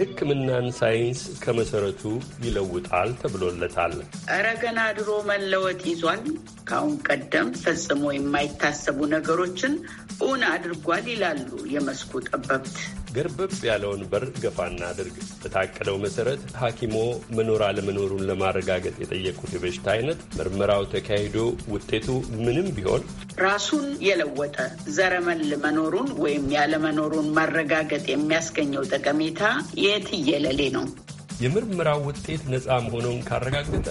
የሕክምናን ሳይንስ ከመሰረቱ ይለውጣል ተብሎለታል። እረ ገና ድሮ መለወጥ ይዟል። ከአሁን ቀደም ፈጽሞ የማይታሰቡ ነገሮችን እውን አድርጓል ይላሉ የመስኩ ጠበብት። ገርበብ ያለውን በር ገፋና አድርግ። በታቀደው መሰረት ሐኪሞ መኖር አለመኖሩን ለማረጋገጥ የጠየቁት የበሽታ አይነት ምርመራው ተካሂዶ ውጤቱ ምንም ቢሆን ራሱን የለወጠ ዘረመል መኖሩን ወይም ያለመኖሩን ማረጋገጥ የሚያስገኘው ጠቀሜታ የትየለሌ ነው። የምርመራው ውጤት ነፃ መሆኑን ካረጋገጠ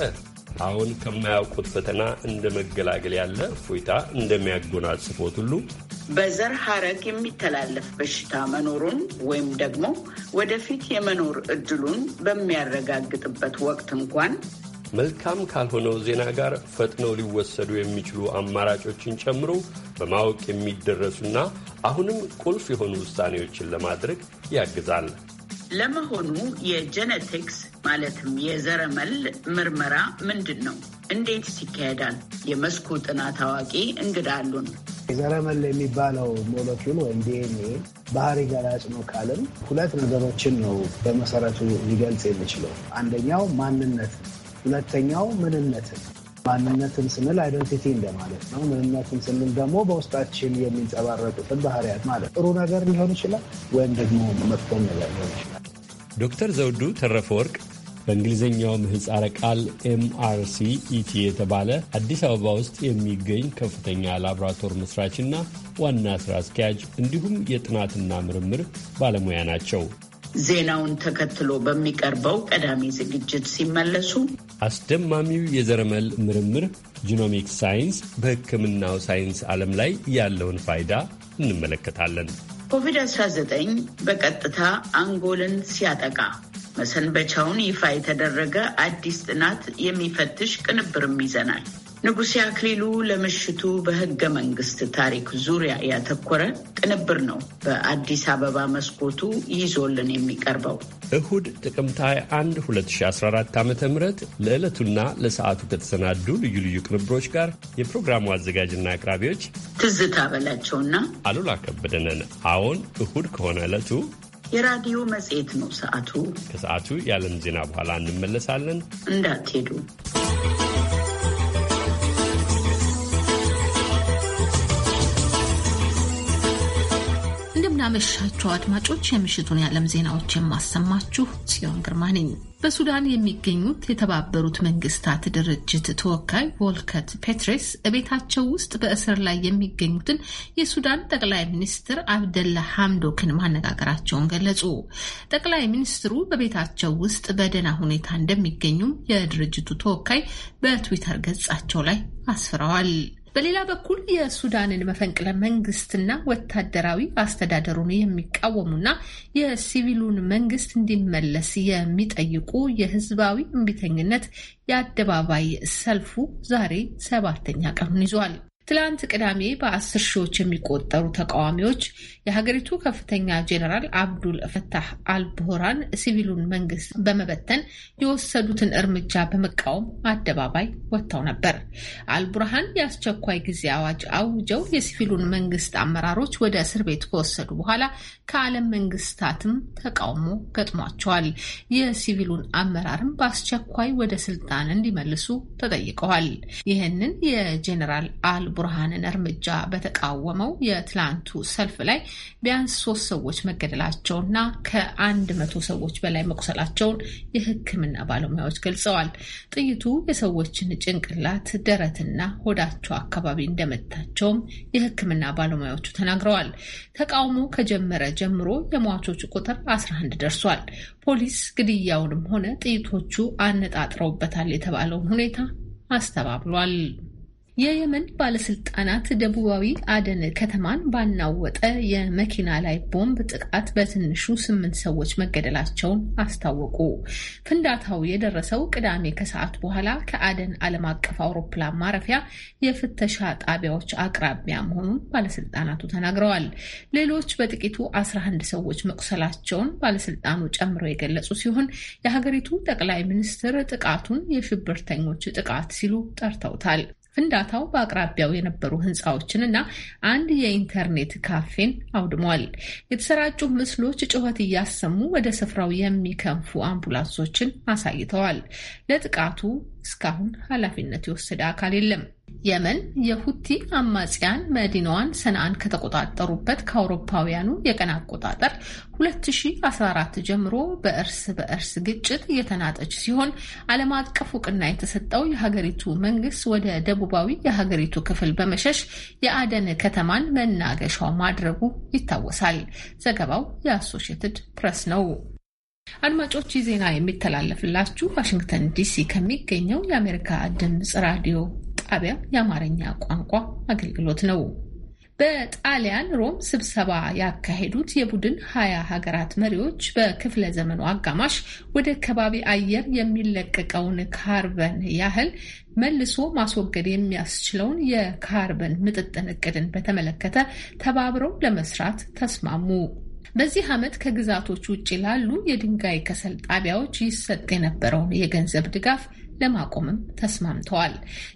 አሁን ከማያውቁት ፈተና እንደ መገላገል ያለ እፎይታ እንደሚያጎናጽፎት ሁሉ በዘር ሐረግ የሚተላለፍ በሽታ መኖሩን ወይም ደግሞ ወደፊት የመኖር እድሉን በሚያረጋግጥበት ወቅት እንኳን መልካም ካልሆነው ዜና ጋር ፈጥነው ሊወሰዱ የሚችሉ አማራጮችን ጨምሮ በማወቅ የሚደረሱና አሁንም ቁልፍ የሆኑ ውሳኔዎችን ለማድረግ ያግዛል። ለመሆኑ የጀነቲክስ ማለትም የዘረመል ምርመራ ምንድን ነው? እንዴት ይካሄዳል? የመስኩ ጥናት አዋቂ እንግዳ አሉን። የዘረመል የሚባለው ሞለኪል ወይም ዲኤንኤ ባህሪ ገላጭ ነው ካልን ሁለት ነገሮችን ነው በመሰረቱ ሊገልጽ የሚችለው። አንደኛው ማንነትን፣ ሁለተኛው ምንነትን። ማንነትን ስንል አይደንቲቲ እንደማለት ነው። ምንነትን ስንል ደግሞ በውስጣችን የሚንጸባረቁትን ባህሪያት ማለት ጥሩ ነገር ሊሆን ይችላል፣ ወይም ደግሞ መጥፎም ነገር ሊሆን ይችላል። ዶክተር ዘውዱ ተረፈ ወርቅ በእንግሊዝኛው ምህፃረ ቃል ኤምአርሲ ኢቲ የተባለ አዲስ አበባ ውስጥ የሚገኝ ከፍተኛ ላብራቶር መስራችና ዋና ስራ አስኪያጅ እንዲሁም የጥናትና ምርምር ባለሙያ ናቸው። ዜናውን ተከትሎ በሚቀርበው ቀዳሚ ዝግጅት ሲመለሱ አስደማሚው የዘረመል ምርምር ጂኖሚክ ሳይንስ በሕክምናው ሳይንስ ዓለም ላይ ያለውን ፋይዳ እንመለከታለን። ኮቪድ-19 በቀጥታ አንጎልን ሲያጠቃ መሰንበቻውን ይፋ የተደረገ አዲስ ጥናት የሚፈትሽ ቅንብርም ይዘናል። ንጉሴ አክሊሉ ለምሽቱ በህገ መንግስት ታሪክ ዙሪያ ያተኮረ ቅንብር ነው በአዲስ አበባ መስኮቱ ይዞልን የሚቀርበው። እሁድ ጥቅምት 21 2014 ዓ ም ለዕለቱና ለሰዓቱ ከተሰናዱ ልዩ ልዩ ቅንብሮች ጋር የፕሮግራሙ አዘጋጅና አቅራቢዎች ትዝታ በላቸውና አሉላ ከበደነን። አዎን እሁድ ከሆነ ዕለቱ የራዲዮ መጽሔት ነው ሰዓቱ። ከሰዓቱ የዓለም ዜና በኋላ እንመለሳለን፣ እንዳትሄዱ። እንደምናመሻቸው አድማጮች፣ የምሽቱን የዓለም ዜናዎች የማሰማችሁ ጽዮን ግርማ ነኝ። በሱዳን የሚገኙት የተባበሩት መንግስታት ድርጅት ተወካይ ቮልከት ፔትሬስ ቤታቸው ውስጥ በእስር ላይ የሚገኙትን የሱዳን ጠቅላይ ሚኒስትር አብደላ ሐምዶክን ማነጋገራቸውን ገለጹ። ጠቅላይ ሚኒስትሩ በቤታቸው ውስጥ በደህና ሁኔታ እንደሚገኙም የድርጅቱ ተወካይ በትዊተር ገጻቸው ላይ አስፍረዋል። በሌላ በኩል የሱዳንን መፈንቅለ መንግስትና ወታደራዊ አስተዳደሩን የሚቃወሙና የሲቪሉን መንግስት እንዲመለስ የሚጠይቁ የህዝባዊ እምቢተኝነት የአደባባይ ሰልፉ ዛሬ ሰባተኛ ቀኑን ይዟል። ትላንት ቅዳሜ በአስር ሺዎች የሚቆጠሩ ተቃዋሚዎች የሀገሪቱ ከፍተኛ ጄኔራል አብዱል ፈታህ አልቡርሃን ሲቪሉን መንግስት በመበተን የወሰዱትን እርምጃ በመቃወም አደባባይ ወጥተው ነበር። አልቡርሃን የአስቸኳይ ጊዜ አዋጅ አውጀው የሲቪሉን መንግስት አመራሮች ወደ እስር ቤት ከወሰዱ በኋላ ከዓለም መንግስታትም ተቃውሞ ገጥሟቸዋል። የሲቪሉን አመራርም በአስቸኳይ ወደ ስልጣን እንዲመልሱ ተጠይቀዋል። ይህንን የጄኔራል አል ቡርሃንን እርምጃ በተቃወመው የትላንቱ ሰልፍ ላይ ቢያንስ ሶስት ሰዎች መገደላቸውና ከአንድ መቶ ሰዎች በላይ መቁሰላቸውን የሕክምና ባለሙያዎች ገልጸዋል። ጥይቱ የሰዎችን ጭንቅላት፣ ደረትና ሆዳቸው አካባቢ እንደመታቸውም የሕክምና ባለሙያዎቹ ተናግረዋል። ተቃውሞ ከጀመረ ጀምሮ የሟቾች ቁጥር 11 ደርሷል። ፖሊስ ግድያውንም ሆነ ጥይቶቹ አነጣጥረውበታል የተባለውን ሁኔታ አስተባብሏል። የየመን ባለስልጣናት ደቡባዊ አደን ከተማን ባናወጠ የመኪና ላይ ቦምብ ጥቃት በትንሹ ስምንት ሰዎች መገደላቸውን አስታወቁ። ፍንዳታው የደረሰው ቅዳሜ ከሰዓት በኋላ ከአደን ዓለም አቀፍ አውሮፕላን ማረፊያ የፍተሻ ጣቢያዎች አቅራቢያ መሆኑን ባለስልጣናቱ ተናግረዋል። ሌሎች በጥቂቱ 11 ሰዎች መቁሰላቸውን ባለስልጣኑ ጨምረው የገለጹ ሲሆን የሀገሪቱ ጠቅላይ ሚኒስትር ጥቃቱን የሽብርተኞች ጥቃት ሲሉ ጠርተውታል። ፍንዳታው በአቅራቢያው የነበሩ እና አንድ የኢንተርኔት ካፌን አውድሟል። የተሰራጩ ምስሎች ጩኸት እያሰሙ ወደ ስፍራው የሚከንፉ አምቡላንሶችን አሳይተዋል። ለጥቃቱ እስካሁን ኃላፊነት የወሰደ አካል የለም። የመን የሁቲ አማጽያን መዲናዋን ሰንአን ከተቆጣጠሩበት ከአውሮፓውያኑ የቀን አቆጣጠር 2014 ጀምሮ በእርስ በእርስ ግጭት እየተናጠች ሲሆን ዓለም አቀፍ እውቅና የተሰጠው የሀገሪቱ መንግስት ወደ ደቡባዊ የሀገሪቱ ክፍል በመሸሽ የአደን ከተማን መናገሻው ማድረጉ ይታወሳል። ዘገባው የአሶሺየትድ ፕሬስ ነው። አድማጮች ይህ ዜና የሚተላለፍላችሁ ዋሽንግተን ዲሲ ከሚገኘው የአሜሪካ ድምፅ ራዲዮ ጣቢያ የአማርኛ ቋንቋ አገልግሎት ነው። በጣሊያን ሮም ስብሰባ ያካሄዱት የቡድን ሀያ ሀገራት መሪዎች በክፍለ ዘመኑ አጋማሽ ወደ ከባቢ አየር የሚለቀቀውን ካርበን ያህል መልሶ ማስወገድ የሚያስችለውን የካርበን ምጥጥን እቅድን በተመለከተ ተባብረው ለመስራት ተስማሙ። በዚህ ዓመት ከግዛቶች ውጭ ላሉ የድንጋይ ከሰል ጣቢያዎች ይሰጥ የነበረውን የገንዘብ ድጋፍ ለማቆምም ተስማምተዋል።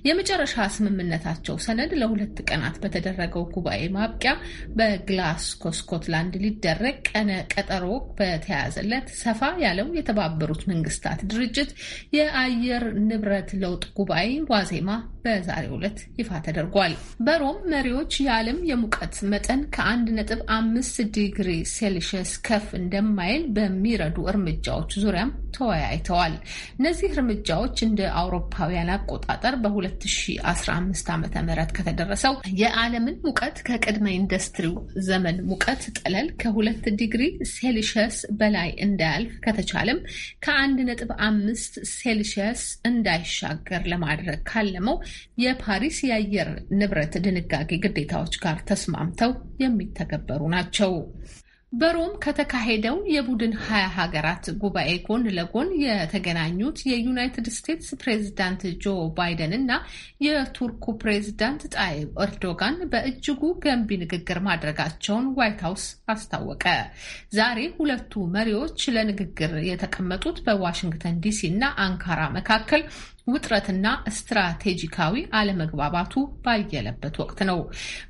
የመጨረሻ ስምምነታቸው ሰነድ ለሁለት ቀናት በተደረገው ጉባኤ ማብቂያ በግላስኮ ስኮትላንድ ሊደረግ ቀነ ቀጠሮ በተያያዘለት ሰፋ ያለው የተባበሩት መንግስታት ድርጅት የአየር ንብረት ለውጥ ጉባኤ ዋዜማ በዛሬው ዕለት ይፋ ተደርጓል። በሮም መሪዎች የዓለም የሙቀት መጠን ከአንድ ነጥብ አምስት ዲግሪ ሴልሺየስ ከፍ እንደማይል በሚረዱ እርምጃዎች ዙሪያም ተወያይተዋል። እነዚህ እርምጃዎች እንደ አውሮፓውያን አቆጣጠር በ2015 ዓ ም ከተደረሰው የዓለምን ሙቀት ከቅድመ ኢንዱስትሪው ዘመን ሙቀት ጠለል ከሁለት ዲግሪ ሴልሺየስ በላይ እንዳያልፍ ከተቻለም ከአንድ ነጥብ አምስት እንዳይሻገር ለማድረግ ካለመው የፓሪስ የአየር ንብረት ድንጋጌ ግዴታዎች ጋር ተስማምተው የሚተገበሩ ናቸው። በሮም ከተካሄደው የቡድን ሀያ ሀገራት ጉባኤ ጎን ለጎን የተገናኙት የዩናይትድ ስቴትስ ፕሬዚዳንት ጆ ባይደን እና የቱርኩ ፕሬዚዳንት ጣይብ ኤርዶጋን በእጅጉ ገንቢ ንግግር ማድረጋቸውን ዋይት ሀውስ አስታወቀ። ዛሬ ሁለቱ መሪዎች ለንግግር የተቀመጡት በዋሽንግተን ዲሲ እና አንካራ መካከል ውጥረትና ስትራቴጂካዊ አለመግባባቱ ባየለበት ወቅት ነው።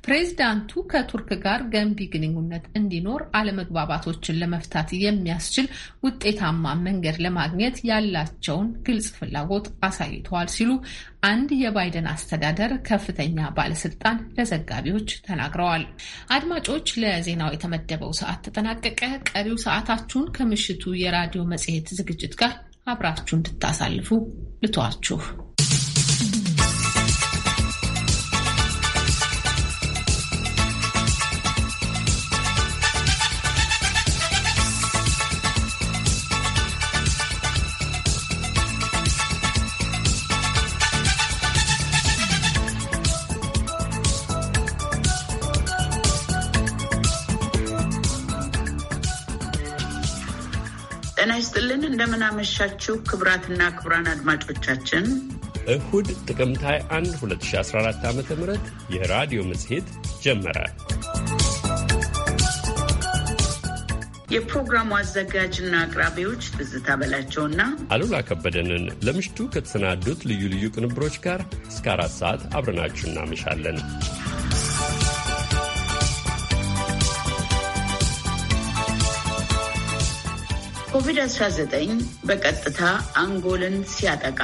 ፕሬዚዳንቱ ከቱርክ ጋር ገንቢ ግንኙነት እንዲኖር አለመግባባቶችን ለመፍታት የሚያስችል ውጤታማ መንገድ ለማግኘት ያላቸውን ግልጽ ፍላጎት አሳይተዋል ሲሉ አንድ የባይደን አስተዳደር ከፍተኛ ባለስልጣን ለዘጋቢዎች ተናግረዋል። አድማጮች፣ ለዜናው የተመደበው ሰዓት ተጠናቀቀ። ቀሪው ሰዓታችሁን ከምሽቱ የራዲዮ መጽሔት ዝግጅት ጋር አብራችሁ እንድታሳልፉ ልቷችሁ እንደምናመሻችው ክቡራትና ክቡራን አድማጮቻችን እሁድ ጥቅምት 21 2014 ዓ ም የራዲዮ መጽሔት ጀመረ። የፕሮግራሙ አዘጋጅና አቅራቢዎች ትዝታ በላቸውና አሉላ ከበደንን ለምሽቱ ከተሰናዱት ልዩ ልዩ ቅንብሮች ጋር እስከ አራት ሰዓት አብረናችሁ እናመሻለን። ኮቪድ-19 በቀጥታ አንጎልን ሲያጠቃ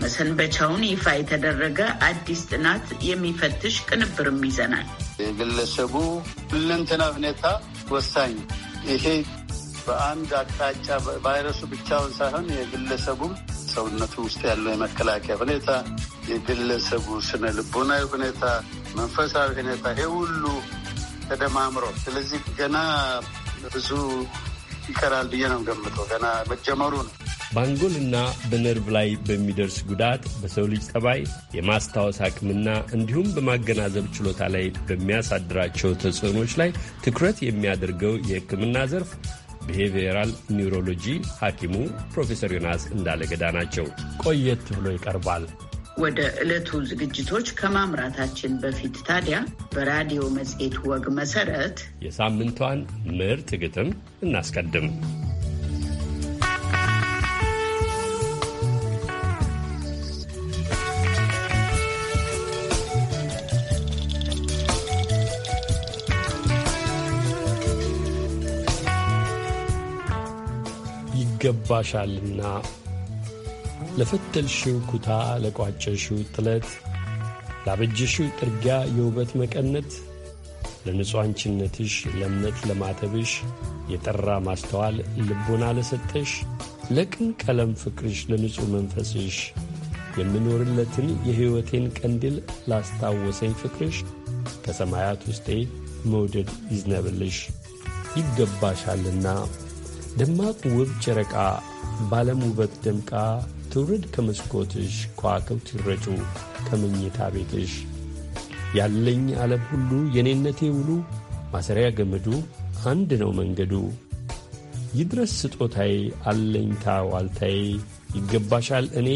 መሰንበቻውን ይፋ የተደረገ አዲስ ጥናት የሚፈትሽ ቅንብርም ይዘናል። የግለሰቡ ሁለንተና ሁኔታ ወሳኝ ይሄ በአንድ አቅጣጫ ቫይረሱ ብቻውን ሳይሆን የግለሰቡ ሰውነቱ ውስጥ ያለው የመከላከያ ሁኔታ፣ የግለሰቡ ስነ ልቦናዊ ሁኔታ፣ መንፈሳዊ ሁኔታ ይሄ ሁሉ ተደማምሮ ስለዚህ ገና ብዙ ይቀራል ብዬ ነው ገምቶ ገና መጀመሩ ነው። በአንጎልና በነርቭ ላይ በሚደርስ ጉዳት በሰው ልጅ ጠባይ፣ የማስታወስ አቅምና እንዲሁም በማገናዘብ ችሎታ ላይ በሚያሳድራቸው ተጽዕኖች ላይ ትኩረት የሚያደርገው የሕክምና ዘርፍ ብሄቪየራል ኒውሮሎጂ ሐኪሙ ፕሮፌሰር ዮናስ እንዳለገዳ ናቸው። ቆየት ብሎ ይቀርባል። ወደ ዕለቱ ዝግጅቶች ከማምራታችን በፊት ታዲያ በራዲዮ መጽሔት ወግ መሰረት የሳምንቷን ምርጥ ግጥም እናስቀድም። ይገባሻልና ለፈተልሽው ኩታ ለቋጨሽው ጥለት ላበጀሽው ጥርጊያ የውበት መቀነት ለንጹሕ አንችነትሽ ለእምነት ለማተብሽ የጠራ ማስተዋል ልቦና ለሰጠሽ ለቅን ቀለም ፍቅርሽ ለንጹሕ መንፈስሽ የምኖርለትን የሕይወቴን ቀንድል ላስታወሰኝ ፍቅርሽ ከሰማያት ውስጤ መውደድ ይዝነብልሽ ይገባሻልና ደማቅ ውብ ጨረቃ ባለም ውበት ደምቃ ትውልድ ከመስኮትሽ ከዋክብት ይረጩ ከመኝታ ቤትሽ ያለኝ ዓለም ሁሉ የኔነቴ ውሉ ማሰሪያ ገመዱ አንድ ነው መንገዱ ይድረስ ስጦታዬ አለኝታ ዋልታዬ ይገባሻል እኔ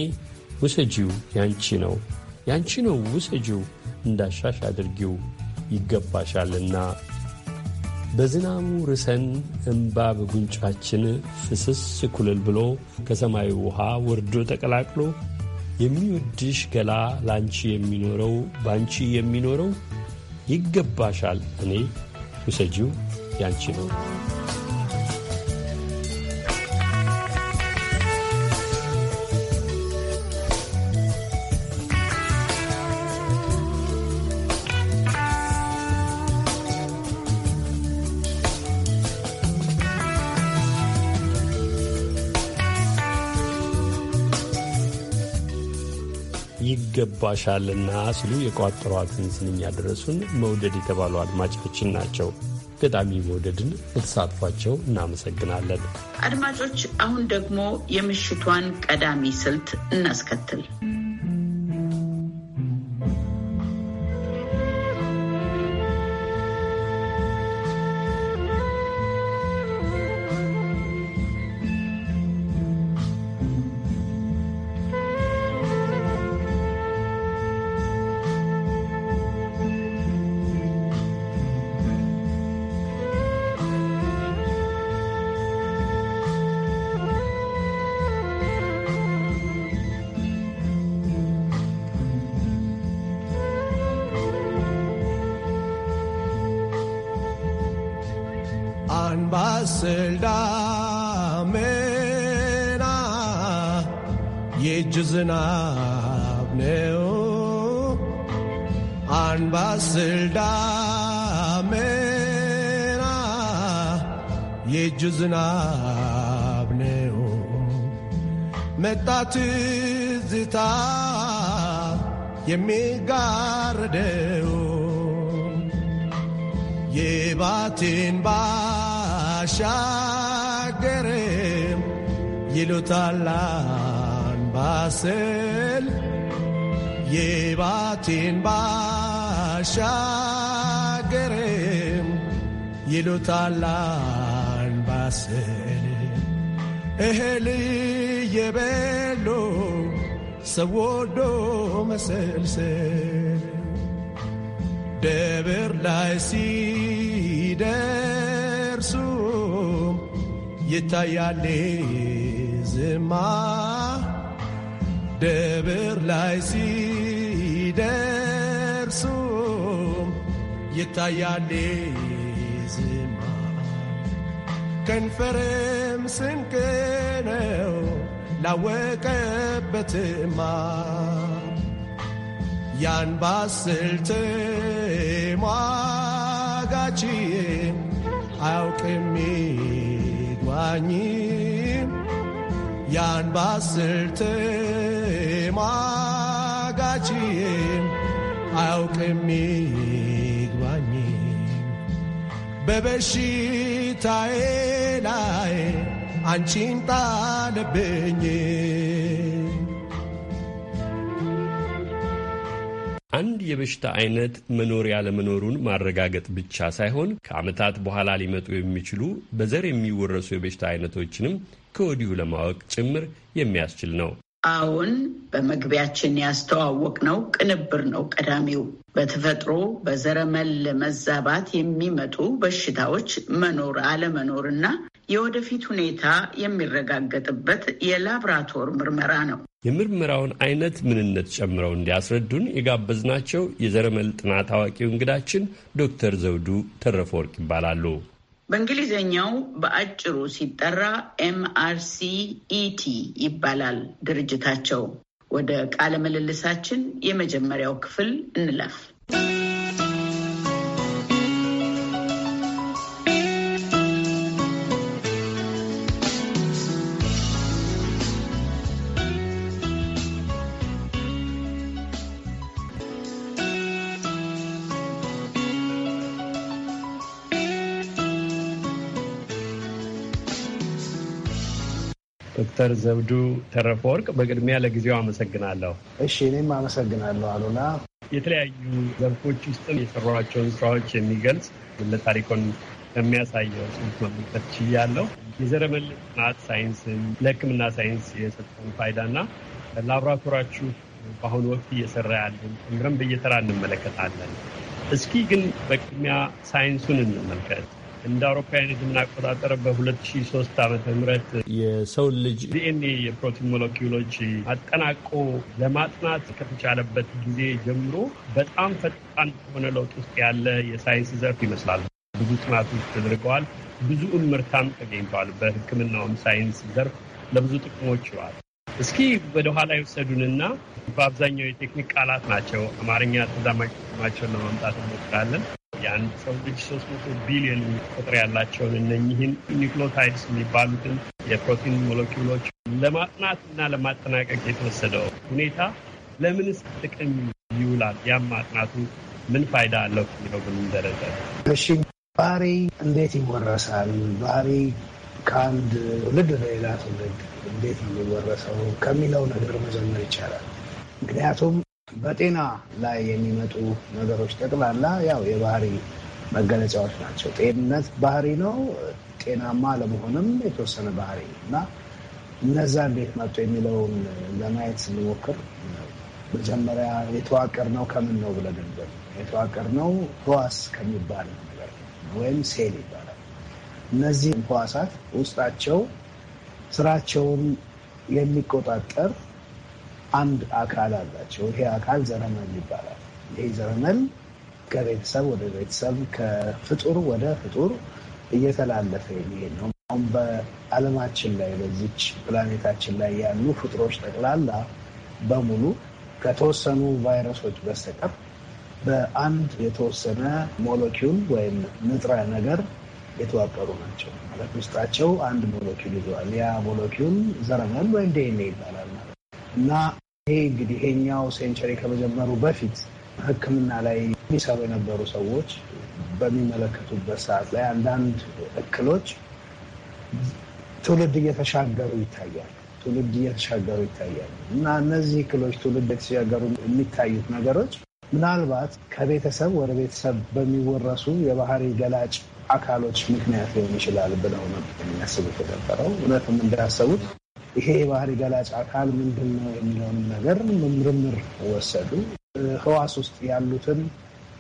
ውሰጂው ያንቺ ነው ያንቺ ነው ውሰጂው እንዳሻሽ አድርጊው ይገባሻልና በዝናሙ ርሰን እምባ በጉንጫችን ፍስስ ኩልል ብሎ ከሰማዩ ውሃ ወርዶ ተቀላቅሎ የሚወድሽ ገላ ላንቺ የሚኖረው ባንቺ የሚኖረው ይገባሻል እኔ ውሰጂው ያንቺ ነው። ይገባሻልና ሲሉ የቋጠሯትን ስንኝ ያደረሱን መውደድ የተባሉ አድማጫችን ናቸው። ገጣሚ መውደድን ለተሳትፏቸው እናመሰግናለን። አድማጮች፣ አሁን ደግሞ የምሽቷን ቀዳሚ ስልት እናስከትል። ደልዳሜና የእጅ ዝናብ ነው አንባስል ዳሜና የእጅ ዝናብ ነው መጣ ትዝታ የሚጋርደው የባቴን ባ ተሻገረም ይሉታል አንባሰል የባቴን ባሻገረም ይሉታል አንባሰል እህል የበሎ ሰው ወዶ መሰልሰል ደብር ላይ ሲደርሱ ይታያል ዝማ ደብር ላይ ሲደርሱም ይታያል ዝማ ከንፈርም ስንቅ ነው ላወቀበትማ ያን ባስልት ሟጋችም አያውቅም አይገናኝም ያን ባስርት ማጋችም አያውቅም ይግባኝ በበሽታዬ ላይ አንቺን ጣለብኝ አንድ የበሽታ አይነት መኖር ያለመኖሩን ማረጋገጥ ብቻ ሳይሆን ከዓመታት በኋላ ሊመጡ የሚችሉ በዘር የሚወረሱ የበሽታ አይነቶችንም ከወዲሁ ለማወቅ ጭምር የሚያስችል ነው። አሁን በመግቢያችን ያስተዋወቅ ነው ቅንብር ነው ቀዳሚው። በተፈጥሮ በዘረመል መዛባት የሚመጡ በሽታዎች መኖር አለመኖርና የወደፊት ሁኔታ የሚረጋገጥበት የላብራቶር ምርመራ ነው። የምርመራውን አይነት ምንነት ጨምረው እንዲያስረዱን የጋበዝናቸው የዘረመል ጥናት አዋቂው እንግዳችን ዶክተር ዘውዱ ተረፈ ወርቅ ይባላሉ። በእንግሊዝኛው በአጭሩ ሲጠራ ኤምአርሲኢቲ ይባላል ድርጅታቸው። ወደ ቃለ ምልልሳችን የመጀመሪያው ክፍል እንለፍ። ዶክተር ዘውዱ ተረፈወርቅ ወርቅ በቅድሚያ ለጊዜው አመሰግናለሁ። እሺ እኔም አመሰግናለሁ አሉላ። የተለያዩ ዘርፎች ውስጥ የሰሯቸውን ስራዎች የሚገልጽ ታሪኮን ከሚያሳየው ጽሁፍ መመልከት ችያለሁ። የዘረመል ጥናት ሳይንስን ለሕክምና ሳይንስ የሰጠውን ፋይዳና ላብራቶራችሁ በአሁኑ ወቅት እየሰራ ያለን ምረም በየተራ እንመለከታለን። እስኪ ግን በቅድሚያ ሳይንሱን እንመልከት። እንደ አውሮፓውያን የዘመን አቆጣጠር በ2003 ዓ ም የሰው ልጅ ዲኤንኤ የፕሮቲን ሞለኪውሎች አጠናቆ ለማጥናት ከተቻለበት ጊዜ ጀምሮ በጣም ፈጣን የሆነ ለውጥ ውስጥ ያለ የሳይንስ ዘርፍ ይመስላል። ብዙ ጥናቶች ተደርገዋል። ብዙ እምርታም ተገኝቷል። በሕክምናውም ሳይንስ ዘርፍ ለብዙ ጥቅሞች ይሏል። እስኪ ወደኋላ ይወሰዱንና በአብዛኛው የቴክኒክ ቃላት ናቸው። አማርኛ ተዛማጅ ጥቅማቸውን ለማምጣት እንሞክራለን። የአንድ ሰው ልጅ ሶስት መቶ ቢሊዮን ቁጥር ያላቸውን እነኝህን ኒክሎታይድስ የሚባሉትን የፕሮቲን ሞለኪውሎች ለማጥናት እና ለማጠናቀቅ የተወሰደው ሁኔታ ለምንስ ጥቅም ይውላል? ያም ማጥናቱ ምን ፋይዳ አለው የሚለው ብንደረደ። እሺ፣ ባህሪ እንዴት ይወረሳል? ባህሪ ከአንድ ትውልድ ለሌላ ትውልድ እንዴት የሚወረሰው ከሚለው ነገር መጀመር ይቻላል። ምክንያቱም በጤና ላይ የሚመጡ ነገሮች ጠቅላላ ያው የባህሪ መገለጫዎች ናቸው። ጤንነት ባህሪ ነው። ጤናማ ለመሆንም የተወሰነ ባህሪ እና እነዛ እንዴት መጡ የሚለውን ለማየት ስንሞክር መጀመሪያ የተዋቀር ነው ከምን ነው ብለን እንደም የተዋቀር ነው ህዋስ ከሚባል ነገር ወይም ሴል ይባላል። እነዚህ ህዋሳት ውስጣቸው ስራቸውን የሚቆጣጠር አንድ አካል አላቸው። ይሄ አካል ዘረመል ይባላል። ይሄ ዘረመል ከቤተሰብ ወደ ቤተሰብ ከፍጡር ወደ ፍጡር እየተላለፈ የሚሄድ ነው። አሁን በዓለማችን ላይ በዚች ፕላኔታችን ላይ ያሉ ፍጡሮች ጠቅላላ በሙሉ ከተወሰኑ ቫይረሶች በስተቀር በአንድ የተወሰነ ሞለኪውል ወይም ንጥረ ነገር የተዋቀሩ ናቸው ማለት ውስጣቸው አንድ ሞለኪውል ይዘዋል። ያ ሞለኪውል ዘረመል ወይም ዲኤንኤ ይባላል። እና ይሄ እንግዲህ ይሄኛው ሴንቸሪ ከመጀመሩ በፊት ሕክምና ላይ የሚሰሩ የነበሩ ሰዎች በሚመለከቱበት ሰዓት ላይ አንዳንድ እክሎች ትውልድ እየተሻገሩ ይታያል ትውልድ እየተሻገሩ ይታያል እና እነዚህ እክሎች ትውልድ የተሻገሩ የሚታዩት ነገሮች ምናልባት ከቤተሰብ ወደ ቤተሰብ በሚወረሱ የባህሪ ገላጭ አካሎች ምክንያት ሊሆን ይችላል ብለው ነው የሚያስቡት የነበረው። እውነትም እንዳያሰቡት ይሄ የባህሪ ገላጭ አካል ምንድን ነው የሚለውን ነገር ምርምር ወሰዱ። ህዋስ ውስጥ ያሉትን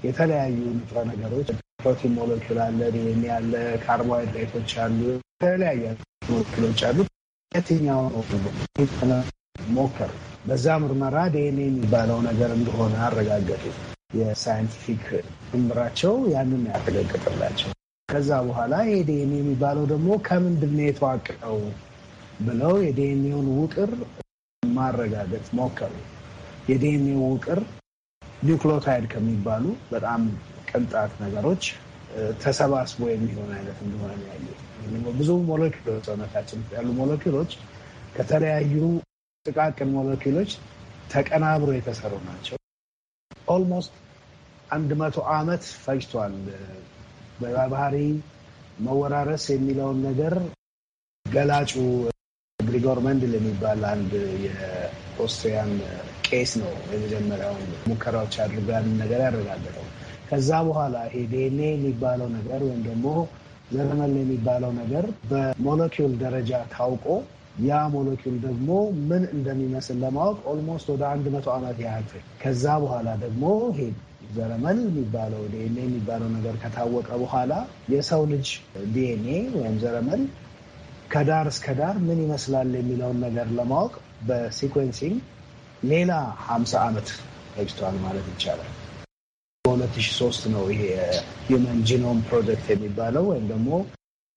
የተለያዩ ንጥረ ነገሮች ፕሮቲን ሞለኪል አለ፣ ዲኤንኤ አለ፣ ካርቦሃይድሬቶች አሉ፣ የተለያዩ ሞለኪሎች አሉ። የትኛው ሞከር በዛ ምርመራ ዲኤንኤ የሚባለው ነገር እንደሆነ አረጋገጡ። የሳይንቲፊክ ምርምራቸው ያንን ያረጋገጠላቸው። ከዛ በኋላ ይሄ ዲኤንኤ የሚባለው ደግሞ ከምንድን ነው የተዋቀረው ብለው የዲኤንኤውን ውቅር ማረጋገጥ ሞከሩ። የዲኤንኤ ውቅር ኒውክሎታይድ ከሚባሉ በጣም ቅንጣት ነገሮች ተሰባስቦ የሚሆን አይነት እንደሆነ ያየ ብዙ ሞለኪሎች ሰውነታችን ያሉ ሞለኪሎች ከተለያዩ ጥቃቅን ሞለኪሎች ተቀናብሮ የተሰሩ ናቸው። ኦልሞስት አንድ መቶ ዓመት ፈጅቷል። በባህሪ መወራረስ የሚለውን ነገር ገላጩ ግሪጎር መንድል የሚባል አንድ የኦስትሪያን ቄስ ነው የመጀመሪያውን ሙከራዎች አድርጎ ያንን ነገር ያረጋገጠው። ከዛ በኋላ ይሄ ዲኤንኤ የሚባለው ነገር ወይም ደግሞ ዘረመል የሚባለው ነገር በሞለኪውል ደረጃ ታውቆ ያ ሞለኪውል ደግሞ ምን እንደሚመስል ለማወቅ ኦልሞስት ወደ አንድ መቶ ዓመት ያህል ከዛ በኋላ ደግሞ ይሄ ዘረመል የሚባለው ዲኤንኤ የሚባለው ነገር ከታወቀ በኋላ የሰው ልጅ ዲኤንኤ ወይም ዘረመል ከዳር እስከ ዳር ምን ይመስላል የሚለውን ነገር ለማወቅ በሲኮንሲንግ ሌላ 50 ዓመት ፈጅቷል ማለት ይቻላል። በ2003 ነው ይሄ ሂውመን ጂኖም ፕሮጀክት የሚባለው ወይም ደግሞ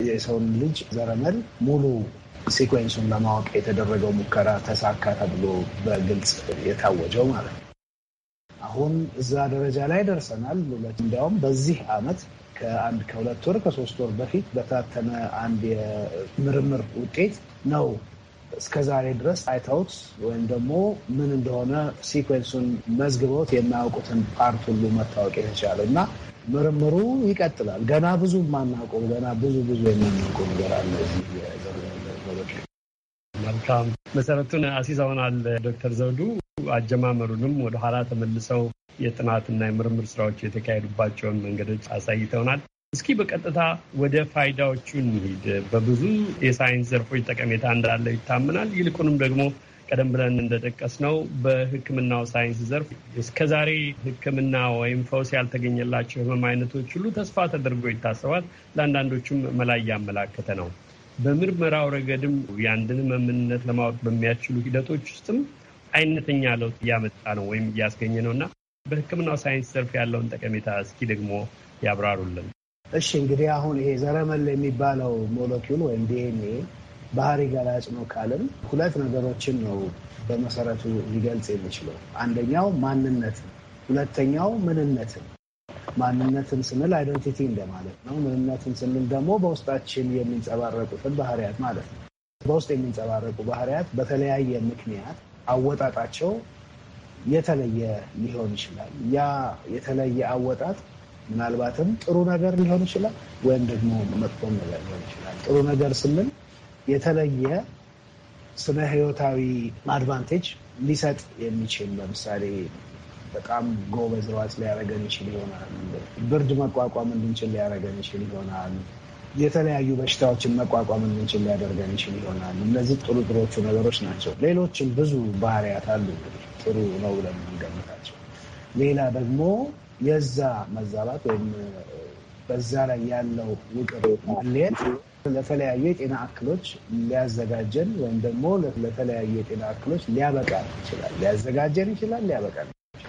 የሰውን ልጅ ዘረመል ሙሉ ሲኮንሱን ለማወቅ የተደረገው ሙከራ ተሳካ ተብሎ በግልጽ የታወጀው ማለት ነው። አሁን እዛ ደረጃ ላይ ደርሰናል። እንዲያውም በዚህ ዓመት ከአንድ ከሁለት ወር ከሶስት ወር በፊት በታተመ አንድ የምርምር ውጤት ነው። እስከ ዛሬ ድረስ አይተውት ወይም ደግሞ ምን እንደሆነ ሲኮንሱን መዝግበውት የማያውቁትን ፓርት ሁሉ መታወቅ የተቻለ እና ምርምሩ ይቀጥላል። ገና ብዙ የማናውቀው ገና ብዙ ብዙ የማናውቀው ነገር አለ እዚህ መልካም መሰረቱን አሲዛውናል ዶክተር ዘውዱ አጀማመሩንም ወደ ኋላ ተመልሰው የጥናትና የምርምር ስራዎች የተካሄዱባቸውን መንገዶች አሳይተውናል። እስኪ በቀጥታ ወደ ፋይዳዎቹ እንሂድ። በብዙ የሳይንስ ዘርፎች ጠቀሜታ እንዳለው ይታመናል። ይልቁንም ደግሞ ቀደም ብለን እንደጠቀስ ነው በህክምናው ሳይንስ ዘርፍ እስከዛሬ ህክምና ወይም ፈውስ ያልተገኘላቸው ህመም አይነቶች ሁሉ ተስፋ ተደርጎ ይታሰባል። ለአንዳንዶቹም መላ እያመላከተ ነው። በምርመራው ረገድም የአንድን መምንነት ለማወቅ በሚያስችሉ ሂደቶች ውስጥም አይነተኛ ለውጥ እያመጣ ነው ወይም እያስገኘ ነው እና በሕክምናው ሳይንስ ዘርፍ ያለውን ጠቀሜታ እስኪ ደግሞ ያብራሩልን። እሺ እንግዲህ አሁን ይሄ ዘረመል የሚባለው ሞለኪውል ወይም ዲኤንኤ ባህሪ ገላጭ ነው ካልን ሁለት ነገሮችን ነው በመሰረቱ ሊገልጽ የሚችለው አንደኛው ማንነትን፣ ሁለተኛው ምንነትን ማንነትን ስንል አይደንቲቲ እንደማለት ነው። ምንነትን ስንል ደግሞ በውስጣችን የሚንጸባረቁትን ባህሪያት ማለት ነው። በውስጥ የሚንጸባረቁ ባህሪያት በተለያየ ምክንያት አወጣጣቸው የተለየ ሊሆን ይችላል። ያ የተለየ አወጣጥ ምናልባትም ጥሩ ነገር ሊሆን ይችላል፣ ወይም ደግሞ መጥፎም ነገር ሊሆን ይችላል። ጥሩ ነገር ስንል የተለየ ስነ ህይወታዊ አድቫንቴጅ ሊሰጥ የሚችል ለምሳሌ በጣም ጎበዝ ሯጭ ሊያደርገን ይችል ይሆናል። ብርድ መቋቋም እንድንችል ሊያደርገን ይችል ይሆናል። የተለያዩ በሽታዎችን መቋቋም እንድንችል ሊያደርገን ይችል ይሆናል። እነዚህ ጥሩ ጥሮቹ ነገሮች ናቸው። ሌሎችም ብዙ ባህሪያት አሉ ጥሩ ነው ብለን የምንገምታቸው። ሌላ ደግሞ የዛ መዛባት ወይም በዛ ላይ ያለው ውቅር ማሌት ለተለያዩ የጤና እክሎች ሊያዘጋጀን ወይም ደግሞ ለተለያዩ የጤና እክሎች ሊያበቃ ይችላል። ሊያዘጋጀን ይችላል፣ ሊያበቃ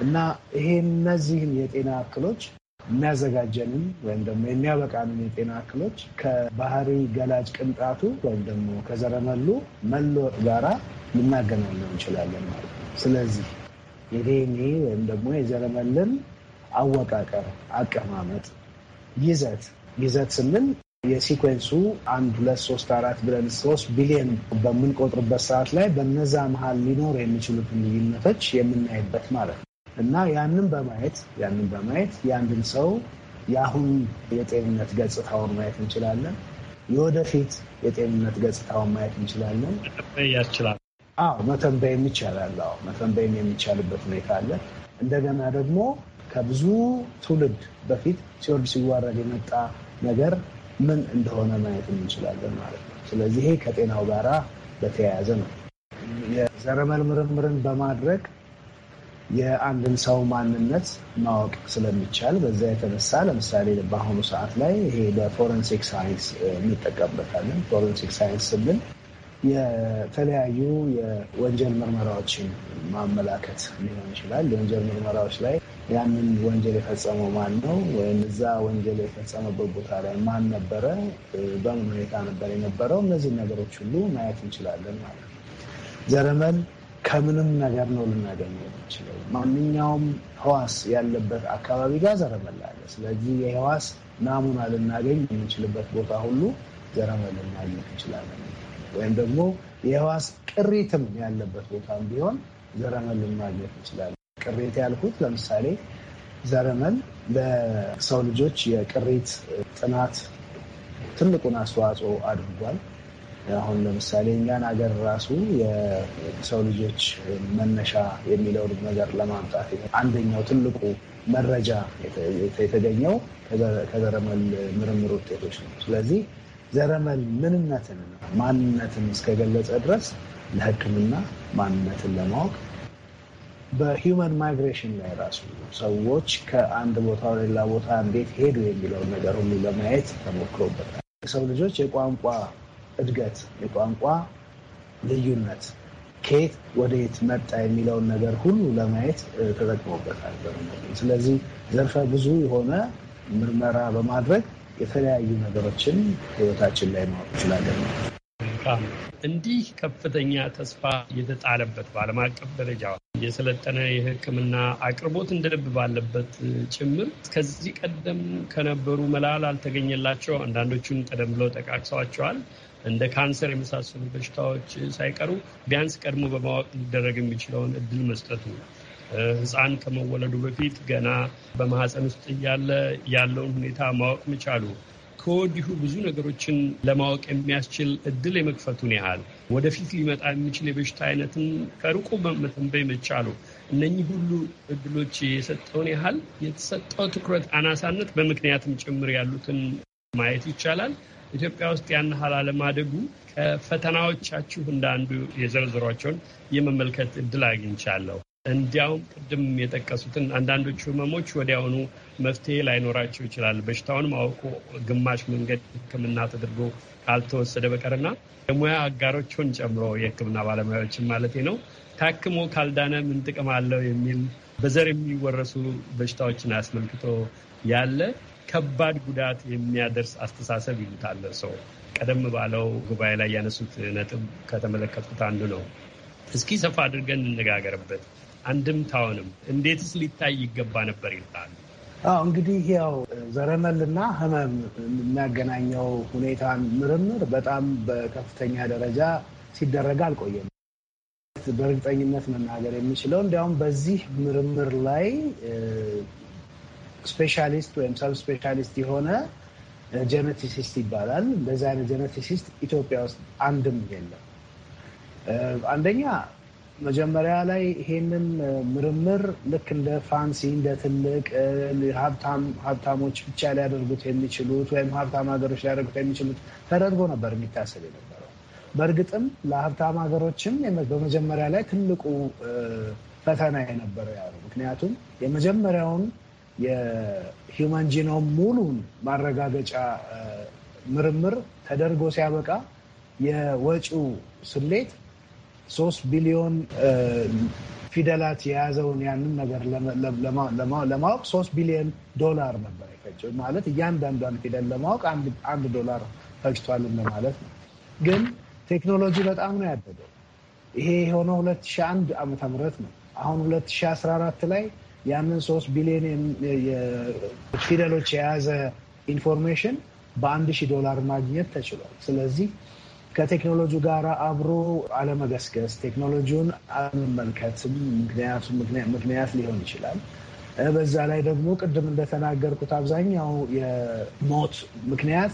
እና ይሄ እነዚህን የጤና እክሎች የሚያዘጋጀንን ወይም ደግሞ የሚያበቃንን የጤና እክሎች ከባህሪ ገላጭ ቅንጣቱ ወይም ደግሞ ከዘረመሉ መለወጥ ጋራ ልናገናኘው እንችላለን ማለት ነው። ስለዚህ የዴኔ ወይም ደግሞ የዘረመልን አወቃቀር፣ አቀማመጥ፣ ይዘት ይዘት ስንል የሲኮንሱ አንድ ሁለት ሶስት አራት ብለን ሶስት ቢሊዮን በምንቆጥርበት ሰዓት ላይ በነዛ መሀል ሊኖር የሚችሉትን ልዩነቶች የምናይበት ማለት ነው። እና ያንን በማየት ያንን በማየት የአንድን ሰው የአሁን የጤንነት ገጽታውን ማየት እንችላለን። የወደፊት የጤንነት ገጽታውን ማየት እንችላለን። ያችላል መተንበይም ይቻላል። አዎ መተንበይም የሚቻልበት ሁኔታ አለ። እንደገና ደግሞ ከብዙ ትውልድ በፊት ሲወርድ ሲዋረድ የመጣ ነገር ምን እንደሆነ ማየት እንችላለን ማለት ነው። ስለዚህ ይሄ ከጤናው ጋራ በተያያዘ ነው። የዘረመል ምርምርን በማድረግ የአንድን ሰው ማንነት ማወቅ ስለሚቻል በዛ የተነሳ ለምሳሌ በአሁኑ ሰዓት ላይ ይሄ በፎረንሲክ ሳይንስ እንጠቀምበታለን። ፎረንሲክ ሳይንስ ስንል የተለያዩ የወንጀል ምርመራዎችን ማመላከት ሊሆን ይችላል። የወንጀል ምርመራዎች ላይ ያንን ወንጀል የፈጸመው ማን ነው ወይም እዛ ወንጀል የፈጸመበት ቦታ ላይ ማን ነበረ፣ በምን ሁኔታ ነበር የነበረው፣ እነዚህ ነገሮች ሁሉ ማየት እንችላለን ማለት ነው። ዘረመል ከምንም ነገር ነው ልናገኘ የምንችለው። ማንኛውም ህዋስ ያለበት አካባቢ ጋር ዘረመል አለ። ስለዚህ የህዋስ ናሙና ልናገኝ የምንችልበት ቦታ ሁሉ ዘረመል ልናገኝ እንችላለን። ወይም ደግሞ የህዋስ ቅሪትም ያለበት ቦታ ቢሆን ዘረመል ልናገኝ እንችላለን። ቅሪት ያልኩት ለምሳሌ ዘረመል ለሰው ልጆች የቅሪት ጥናት ትልቁን አስተዋጽኦ አድርጓል። አሁን ለምሳሌ እኛን ሀገር ራሱ የሰው ልጆች መነሻ የሚለውን ነገር ለማምጣት አንደኛው ትልቁ መረጃ የተገኘው ከዘረመል ምርምር ውጤቶች ነው። ስለዚህ ዘረመል ምንነትን ማንነትን እስከገለጸ ድረስ ለሕክምና ማንነትን ለማወቅ በሂውመን ማይግሬሽን ላይ ራሱ ሰዎች ከአንድ ቦታ ወደ ሌላ ቦታ እንዴት ሄዱ የሚለውን ነገር ሁሉ ለማየት ተሞክሮበታል። የሰው ልጆች የቋንቋ እድገት፣ የቋንቋ ልዩነት ከየት ወደ የት መጣ የሚለውን ነገር ሁሉ ለማየት ተጠቅሞበታል። ስለዚህ ዘርፈ ብዙ የሆነ ምርመራ በማድረግ የተለያዩ ነገሮችን ህይወታችን ላይ ማወቅ እንችላለን። እንዲህ ከፍተኛ ተስፋ የተጣለበት በዓለም አቀፍ ደረጃ የሰለጠነ የሕክምና አቅርቦት እንደ ልብ ባለበት ጭምር ከዚህ ቀደም ከነበሩ መላል አልተገኘላቸው አንዳንዶቹን ቀደም ብለው ጠቃቅሰዋቸዋል። እንደ ካንሰር የመሳሰሉ በሽታዎች ሳይቀሩ ቢያንስ ቀድሞ በማወቅ ሊደረግ የሚችለውን እድል መስጠቱ ህፃን ከመወለዱ በፊት ገና በማህፀን ውስጥ እያለ ያለውን ሁኔታ ማወቅ መቻሉ ከወዲሁ ብዙ ነገሮችን ለማወቅ የሚያስችል እድል የመክፈቱን ያህል ወደፊት ሊመጣ የሚችል የበሽታ አይነትን ከሩቁ መተንበይ መቻሉ እነኚህ ሁሉ እድሎች የሰጠውን ያህል የተሰጠው ትኩረት አናሳነት በምክንያትም ጭምር ያሉትን ማየት ይቻላል። ኢትዮጵያ ውስጥ ያን ያህል አለማደጉ ከፈተናዎቻችሁ እንዳንዱ የዘርዝሯቸውን የመመልከት እድል አግኝቻለሁ። እንዲያውም ቅድም የጠቀሱትን አንዳንዶቹ ህመሞች ወዲያውኑ መፍትሄ ላይኖራቸው ይችላል። በሽታውን ማወቁ ግማሽ መንገድ ሕክምና ተደርጎ ካልተወሰደ በቀርና የሙያ አጋሮችን ጨምሮ የሕክምና ባለሙያዎችን ማለት ነው ታክሞ ካልዳነ ምን ጥቅም አለው የሚል በዘር የሚወረሱ በሽታዎችን አስመልክቶ ያለ ከባድ ጉዳት የሚያደርስ አስተሳሰብ ይሉታል ሰው። ቀደም ባለው ጉባኤ ላይ ያነሱት ነጥብ ከተመለከትኩት አንዱ ነው። እስኪ ሰፋ አድርገን እንነጋገርበት፣ አንድምታውንም እንዴትስ ሊታይ ይገባ ነበር ይሉታል። አዎ እንግዲህ ያው ዘረመልና ህመም የሚያገናኘው ሁኔታን ምርምር በጣም በከፍተኛ ደረጃ ሲደረግ አልቆየም። በእርግጠኝነት መናገር የሚችለው እንዲያውም በዚህ ምርምር ላይ ስፔሻሊስት ወይም ሰብ ስፔሻሊስት የሆነ ጀነቲሲስት ይባላል። እንደዚህ አይነት ጀነቲሲስት ኢትዮጵያ ውስጥ አንድም የለም። አንደኛ መጀመሪያ ላይ ይሄንን ምርምር ልክ እንደ ፋንሲ እንደ ትልቅ ሀብታሞች ብቻ ሊያደርጉት የሚችሉት ወይም ሀብታም ሀገሮች ሊያደርጉት የሚችሉት ተደርጎ ነበር የሚታሰብ የነበረው። በእርግጥም ለሀብታም ሀገሮችም በመጀመሪያ ላይ ትልቁ ፈተና የነበረ ያሉ ምክንያቱም የመጀመሪያውን የሂውማን ጂኖም ሙሉን ማረጋገጫ ምርምር ተደርጎ ሲያበቃ የወጪው ስሌት ሶስት ቢሊዮን ፊደላት የያዘውን ያንን ነገር ለማወቅ ሶስት ቢሊዮን ዶላር ነበር የፈጀው። ማለት እያንዳንዷን ፊደል ለማወቅ አንድ ዶላር ፈጅቷል ለማለት ነው። ግን ቴክኖሎጂ በጣም ነው ያደገው። ይሄ የሆነው 2001 ዓ ምህረት ነው። አሁን 2014 ላይ ያንን ሶስት ቢሊዮን ፊደሎች የያዘ ኢንፎርሜሽን በአንድ ሺህ ዶላር ማግኘት ተችሏል። ስለዚህ ከቴክኖሎጂ ጋር አብሮ አለመገስገስ፣ ቴክኖሎጂውን አለመመልከት ምክንያት ሊሆን ይችላል። በዛ ላይ ደግሞ ቅድም እንደተናገርኩት አብዛኛው የሞት ምክንያት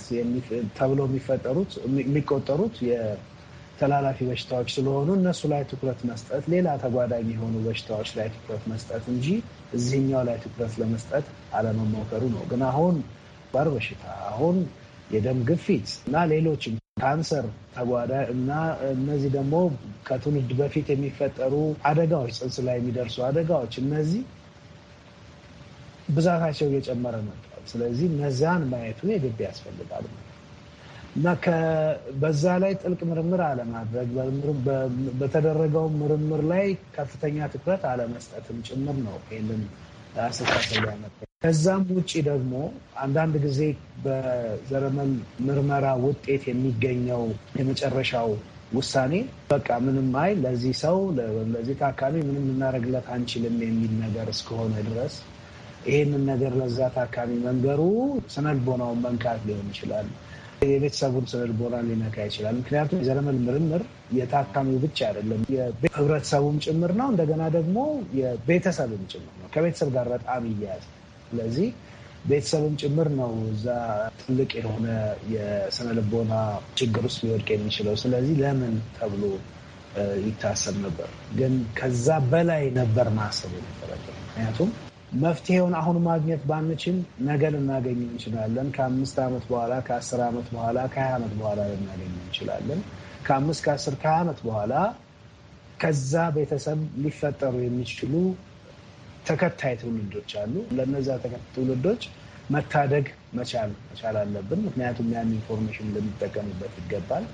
ተብሎ የሚፈጠሩት የሚቆጠሩት ተላላፊ በሽታዎች ስለሆኑ እነሱ ላይ ትኩረት መስጠት፣ ሌላ ተጓዳኝ የሆኑ በሽታዎች ላይ ትኩረት መስጠት እንጂ እዚህኛው ላይ ትኩረት ለመስጠት አለመሞከሩ ነው። ግን አሁን ባር በሽታ አሁን የደም ግፊት እና ሌሎችም ካንሰር ተጓዳኝ እና እነዚህ ደግሞ ከትውልድ በፊት የሚፈጠሩ አደጋዎች፣ ጽንስ ላይ የሚደርሱ አደጋዎች እነዚህ ብዛታቸው እየጨመረ መጥቷል። ስለዚህ እነዚያን ማየቱ የግድ ያስፈልጋል ነው እና በዛ ላይ ጥልቅ ምርምር አለማድረግ በተደረገው ምርምር ላይ ከፍተኛ ትኩረት አለመስጠትም ጭምር ነው ይህንን አስተሳሰብ ሊያመጣ። ከዛም ውጭ ደግሞ አንዳንድ ጊዜ በዘረመል ምርመራ ውጤት የሚገኘው የመጨረሻው ውሳኔ በቃ ምንም አይ ለዚህ ሰው ለዚህ ታካሚ ምንም ልናደርግለት አንችልም የሚል ነገር እስከሆነ ድረስ ይህንን ነገር ለዛ ታካሚ መንገሩ ስነልቦናውን መንካት ሊሆን ይችላል። የቤተሰቡን ስነ ልቦና ሊነካ ይችላል። ምክንያቱም የዘረመል ምርምር የታካሚ ብቻ አይደለም፣ የህብረተሰቡም ጭምር ነው። እንደገና ደግሞ የቤተሰብም ጭምር ነው። ከቤተሰብ ጋር በጣም ይያያዝ። ስለዚህ ቤተሰብም ጭምር ነው እዛ ትልቅ የሆነ የስነ ልቦና ችግር ውስጥ ሊወድቅ የሚችለው። ስለዚህ ለምን ተብሎ ይታሰብ ነበር፣ ግን ከዛ በላይ ነበር ማሰብ የነበረበት ምክንያቱም መፍትሄውን አሁን ማግኘት ባንችል ነገ ልናገኝ እንችላለን። ከአምስት ዓመት በኋላ ከአስር ዓመት በኋላ ከሀያ ዓመት በኋላ ልናገኝ እንችላለን። ከአምስት ከአስር ከሀያ ዓመት በኋላ ከዛ ቤተሰብ ሊፈጠሩ የሚችሉ ተከታይ ትውልዶች አሉ። ለነዛ ተከታይ ትውልዶች መታደግ መቻል መቻል አለብን። ምክንያቱም ያን ኢንፎርሜሽን ልንጠቀምበት ይገባል።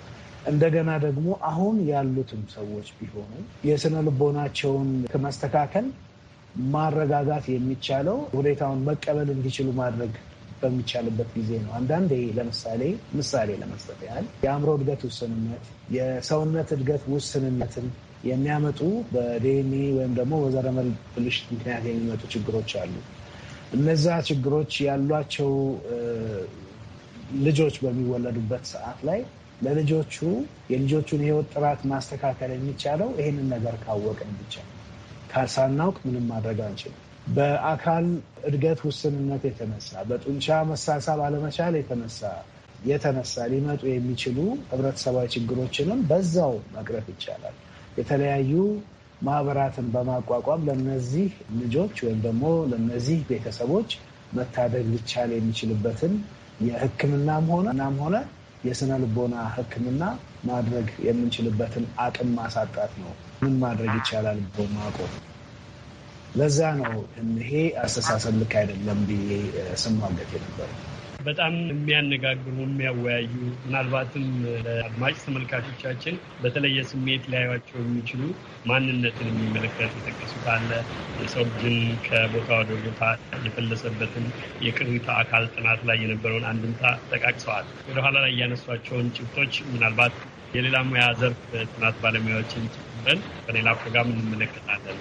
እንደገና ደግሞ አሁን ያሉትም ሰዎች ቢሆኑ የስነ ልቦናቸውን ከመስተካከል ማረጋጋት የሚቻለው ሁኔታውን መቀበል እንዲችሉ ማድረግ በሚቻልበት ጊዜ ነው። አንዳንዴ ለምሳሌ ምሳሌ ለመስጠት ያህል የአእምሮ እድገት ውስንነት፣ የሰውነት እድገት ውስንነትን የሚያመጡ በዴኒ ወይም ደግሞ በዘረመል ብልሽት ምክንያት የሚመጡ ችግሮች አሉ። እነዛ ችግሮች ያሏቸው ልጆች በሚወለዱበት ሰዓት ላይ ለልጆቹ የልጆቹን የህይወት ጥራት ማስተካከል የሚቻለው ይህንን ነገር ካወቅን ብቻ ነው። ሳናውቅ ምንም ማድረግ አንችልም። በአካል እድገት ውስንነት የተነሳ በጡንቻ መሳሳብ አለመቻል የተነሳ የተነሳ ሊመጡ የሚችሉ ህብረተሰባዊ ችግሮችንም በዛው መቅረፍ ይቻላል። የተለያዩ ማህበራትን በማቋቋም ለነዚህ ልጆች ወይም ደግሞ ለነዚህ ቤተሰቦች መታደግ ሊቻል የሚችልበትን የህክምናም ሆነ እናም ሆነ የስነ ልቦና ህክምና ማድረግ የምንችልበትን አቅም ማሳጣት ነው ምን ማድረግ ይቻላል ብሎ ማቆም። ለዛ ነው ይሄ አስተሳሰብ ልክ አይደለም ብዬ ስሟገት የነበረ። በጣም የሚያነጋግሩ የሚያወያዩ፣ ምናልባትም ለአድማጭ ተመልካቾቻችን በተለየ ስሜት ሊያዩቸው የሚችሉ ማንነትን የሚመለከት የጠቀሱ ካለ የሰው ልጅን ከቦታ ወደ ቦታ የፈለሰበትን የቅሪተ አካል ጥናት ላይ የነበረውን አንድምታ ጠቃቅሰዋል። ወደኋላ ላይ ያነሷቸውን ጭብጦች ምናልባት የሌላ ሙያ ዘርፍ ጥናት ባለሙያዎችን አብረን በሌላ ፕሮግራም እንመለከታለን።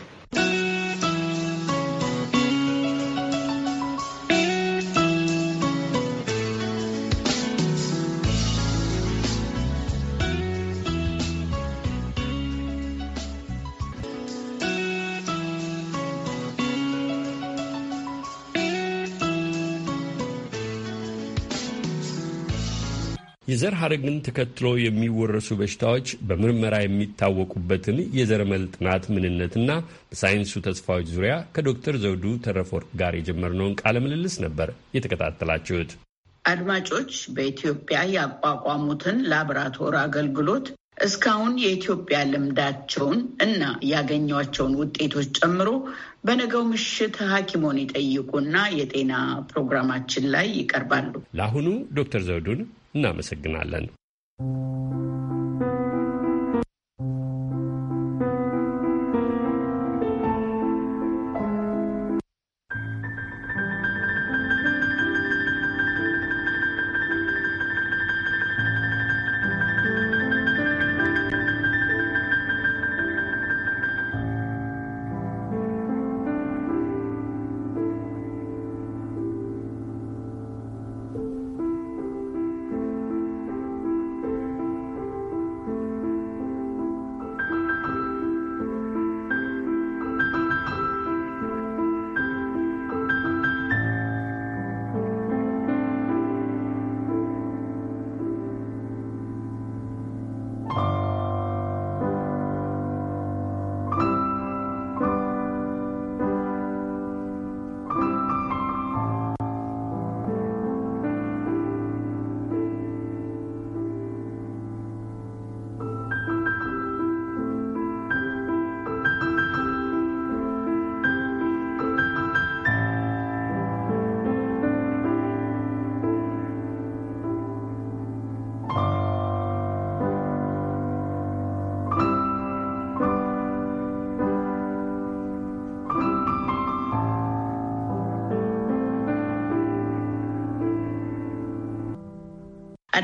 የዘር ሐረግን ተከትሎ የሚወረሱ በሽታዎች በምርመራ የሚታወቁበትን የዘረመል ጥናት ምንነትና በሳይንሱ ተስፋዎች ዙሪያ ከዶክተር ዘውዱ ተረፈወርቅ ጋር የጀመርነውን ቃለ ምልልስ ነበር የተከታተላችሁት። አድማጮች በኢትዮጵያ ያቋቋሙትን ላብራቶር አገልግሎት እስካሁን የኢትዮጵያ ልምዳቸውን እና ያገኟቸውን ውጤቶች ጨምሮ በነገው ምሽት ሐኪሞን ይጠይቁና የጤና ፕሮግራማችን ላይ ይቀርባሉ። ለአሁኑ ዶክተር ዘውዱን እናመሰግናለን።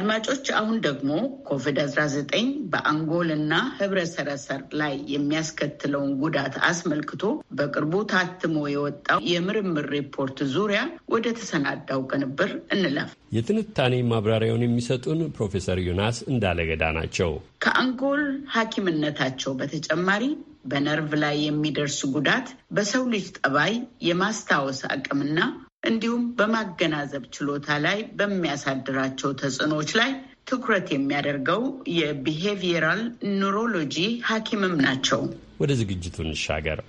አድማጮች አሁን ደግሞ ኮቪድ 19 በአንጎል እና ህብረ ሰረሰር ላይ የሚያስከትለውን ጉዳት አስመልክቶ በቅርቡ ታትሞ የወጣው የምርምር ሪፖርት ዙሪያ ወደ ተሰናዳው ቅንብር እንለፍ። የትንታኔ ማብራሪያውን የሚሰጡን ፕሮፌሰር ዮናስ እንዳለገዳ ናቸው። ከአንጎል ሐኪምነታቸው በተጨማሪ በነርቭ ላይ የሚደርስ ጉዳት በሰው ልጅ ጠባይ፣ የማስታወስ አቅምና እንዲሁም በማገናዘብ ችሎታ ላይ በሚያሳድራቸው ተጽዕኖዎች ላይ ትኩረት የሚያደርገው የቢሄቪየራል ኑሮሎጂ ሐኪምም ናቸው። ወደ ዝግጅቱ እንሻገር።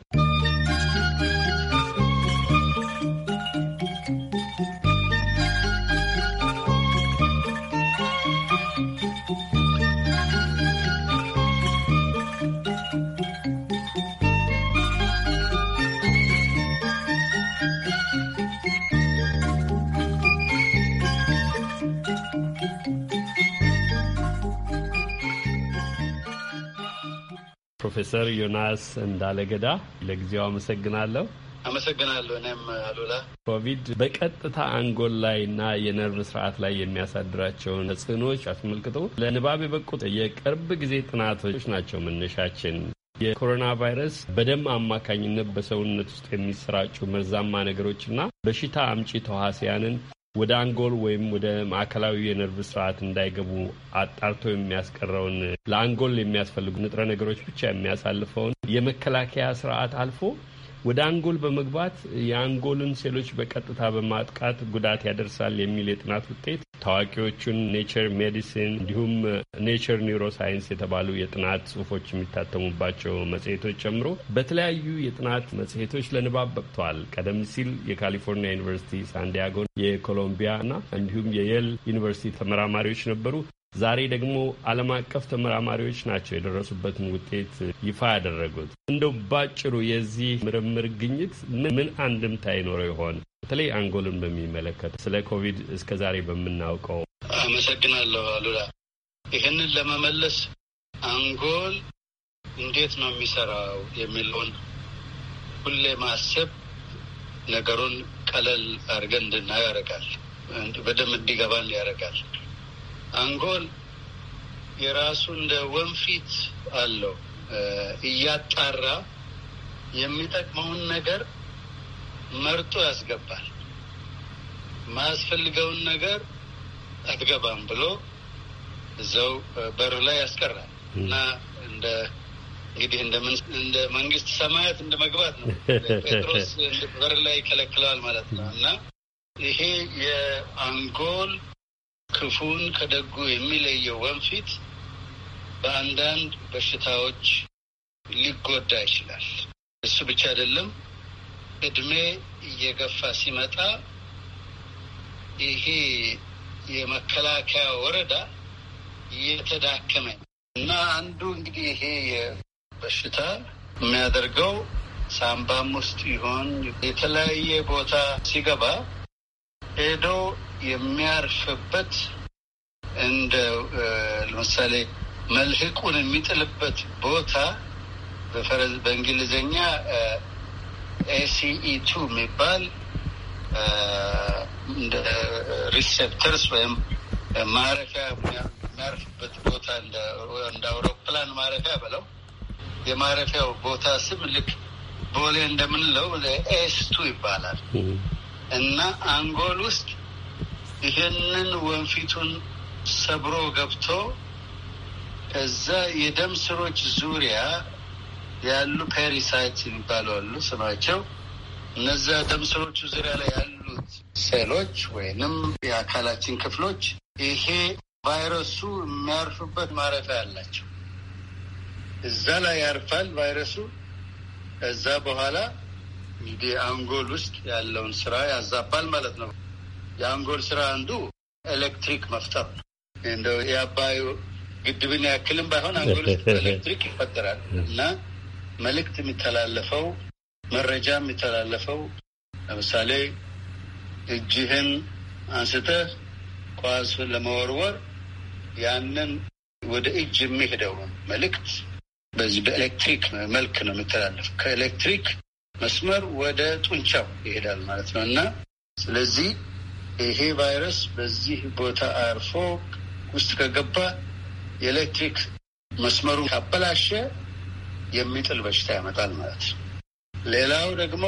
ፕሮፌሰር ዮናስ እንዳለገዳ ለጊዜው አመሰግናለሁ። አመሰግናለሁ። እኔም አሉላ ኮቪድ በቀጥታ አንጎል ላይ እና የነርቭ ስርዓት ላይ የሚያሳድራቸውን ተጽዕኖዎች አስመልክቶ ለንባብ የበቁት የቅርብ ጊዜ ጥናቶች ናቸው መነሻችን። የኮሮና ቫይረስ በደም አማካኝነት በሰውነት ውስጥ የሚሰራጩ መርዛማ ነገሮችና በሽታ አምጪ ተዋሲያንን ወደ አንጎል ወይም ወደ ማዕከላዊ የነርቭ ስርዓት እንዳይገቡ አጣርቶ የሚያስቀረውን ለአንጎል የሚያስፈልጉ ንጥረ ነገሮች ብቻ የሚያሳልፈውን የመከላከያ ስርዓት አልፎ ወደ አንጎል በመግባት የአንጎልን ሴሎች በቀጥታ በማጥቃት ጉዳት ያደርሳል የሚል የጥናት ውጤት ታዋቂዎቹን ኔቸር ሜዲሲን እንዲሁም ኔቸር ኒሮ ሳይንስ የተባሉ የጥናት ጽሁፎች የሚታተሙባቸው መጽሄቶች ጨምሮ በተለያዩ የጥናት መጽሔቶች ለንባብ በቅተዋል። ቀደም ሲል የካሊፎርኒያ ዩኒቨርሲቲ ሳንዲያጎን፣ የኮሎምቢያ እና እንዲሁም የየል ዩኒቨርሲቲ ተመራማሪዎች ነበሩ። ዛሬ ደግሞ ዓለም አቀፍ ተመራማሪዎች ናቸው የደረሱበትን ውጤት ይፋ ያደረጉት። እንደው ባጭሩ የዚህ ምርምር ግኝት ምን አንድምታ ይኖረው ይሆን? በተለይ አንጎልን በሚመለከት ስለ ኮቪድ እስከ ዛሬ በምናውቀው። አመሰግናለሁ አሉላ። ይህንን ለመመለስ አንጎል እንዴት ነው የሚሰራው የሚለውን ሁሌ ማሰብ ነገሩን ቀለል አድርገን እንድናየው ያደርጋል፣ በደንብ እንዲገባን ያደርጋል። አንጎል የራሱ እንደ ወንፊት አለው እያጣራ የሚጠቅመውን ነገር መርጦ ያስገባል። የማያስፈልገውን ነገር አትገባም ብሎ እዛው በር ላይ ያስቀራል እና እንደ እንግዲህ እንደ መንግስት ሰማያት እንደ መግባት ነው። ጴጥሮስ በር ላይ ይከለክለዋል ማለት ነው እና ይሄ የአንጎል ክፉን ከደጉ የሚለየው ወንፊት በአንዳንድ በሽታዎች ሊጎዳ ይችላል። እሱ ብቻ አይደለም። እድሜ እየገፋ ሲመጣ ይሄ የመከላከያ ወረዳ እየተዳከመ እና አንዱ እንግዲህ ይሄ በሽታ የሚያደርገው ሳምባም ውስጥ ይሆን የተለያየ ቦታ ሲገባ ሄዶ የሚያርፍበት እንደ ለምሳሌ መልህቁን የሚጥልበት ቦታ በእንግሊዝኛ ኤሲኢ ቱ የሚባል እንደ ሪሴፕተርስ ወይም ማረፊያ የሚያርፍበት ቦታ እንደ አውሮፕላን ማረፊያ ብለው የማረፊያው ቦታ ስም ልክ ቦሌ እንደምንለው ኤስ ቱ ይባላል እና አንጎል ውስጥ ይህንን ወንፊቱን ሰብሮ ገብቶ ከዛ የደም ስሮች ዙሪያ ያሉ ፔሪሳይት የሚባሉ ስማቸው። እነዛ ደም ስሮቹ ዙሪያ ላይ ያሉት ሴሎች ወይንም የአካላችን ክፍሎች ይሄ ቫይረሱ የሚያርፍበት ማረፊያ አላቸው። እዛ ላይ ያርፋል ቫይረሱ። ከዛ በኋላ እንግዲህ አንጎል ውስጥ ያለውን ስራ ያዛባል ማለት ነው። የአንጎል ስራ አንዱ ኤሌክትሪክ መፍጠር ነው። እንደው የአባይ ግድብን ያክልም ባይሆን አንጎል ኤሌክትሪክ ይፈጠራል እና መልእክት የሚተላለፈው መረጃ የሚተላለፈው ለምሳሌ እጅህን አንስተህ ኳስ ለመወርወር ያንን ወደ እጅ የሚሄደው መልእክት በዚህ በኤሌክትሪክ መልክ ነው የሚተላለፍ። ከኤሌክትሪክ መስመር ወደ ጡንቻው ይሄዳል ማለት ነው እና ስለዚህ ይሄ ቫይረስ በዚህ ቦታ አርፎ ውስጥ ከገባ የኤሌክትሪክ መስመሩ ካበላሸ የሚጥል በሽታ ያመጣል ማለት ነው። ሌላው ደግሞ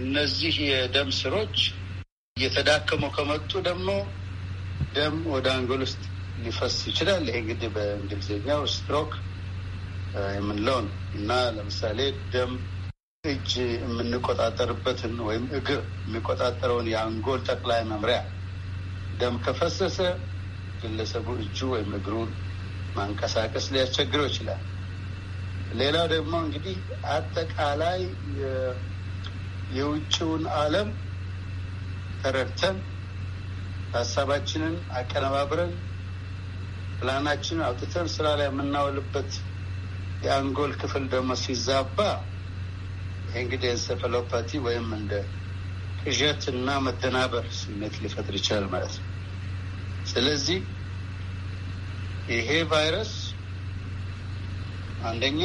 እነዚህ የደም ስሮች እየተዳከሙ ከመጡ ደግሞ ደም ወደ አንጎል ውስጥ ሊፈስ ይችላል። ይሄ እንግዲህ በእንግሊዝኛው ስትሮክ የምንለው ነው እና ለምሳሌ ደም እጅ የምንቆጣጠርበትን ወይም እግር የሚቆጣጠረውን የአንጎል ጠቅላይ መምሪያ ደም ከፈሰሰ ግለሰቡ እጁ ወይም እግሩን ማንቀሳቀስ ሊያስቸግረው ይችላል። ሌላው ደግሞ እንግዲህ አጠቃላይ የውጭውን ዓለም ተረድተን ሀሳባችንን አቀነባብረን ፕላናችንን አውጥተን ስራ ላይ የምናውልበት የአንጎል ክፍል ደግሞ ሲዛባ እንግዲህ ኤንሰፈሎፓቲ ወይም እንደ ቅዠት እና መደናበር ስሜት ሊፈጥር ይችላል ማለት ነው። ስለዚህ ይሄ ቫይረስ አንደኛ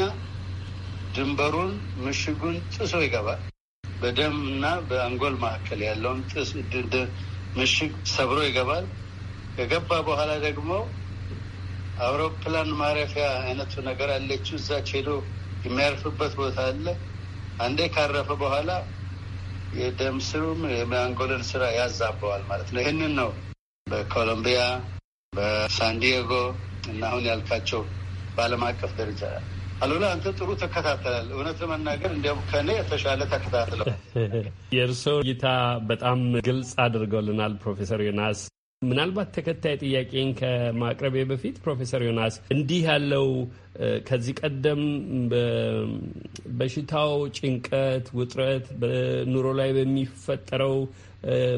ድንበሩን ምሽጉን ጥሶ ይገባል። በደም እና በአንጎል መካከል ያለውን ምሽግ ሰብሮ ይገባል። ከገባ በኋላ ደግሞ አውሮፕላን ማረፊያ አይነቱ ነገር አለችው። እዛች ሄዶ የሚያርፍበት ቦታ አለ። አንዴ ካረፈ በኋላ የደም ስሩም የማንጎለል ስራ ያዛበዋል ማለት ነው። ይህንን ነው በኮሎምቢያ በሳንዲየጎ እና አሁን ያልካቸው በዓለም አቀፍ ደረጃ አሉላ አንተ ጥሩ ተከታተላል። እውነት ለመናገር እንዲያውም ከእኔ የተሻለ ተከታትለው የእርስዎ እይታ በጣም ግልጽ አድርገውልናል ፕሮፌሰር ዮናስ ምናልባት ተከታይ ጥያቄን ከማቅረቤ በፊት ፕሮፌሰር ዮናስ እንዲህ ያለው ከዚህ ቀደም በሽታው ጭንቀት፣ ውጥረት በኑሮ ላይ በሚፈጠረው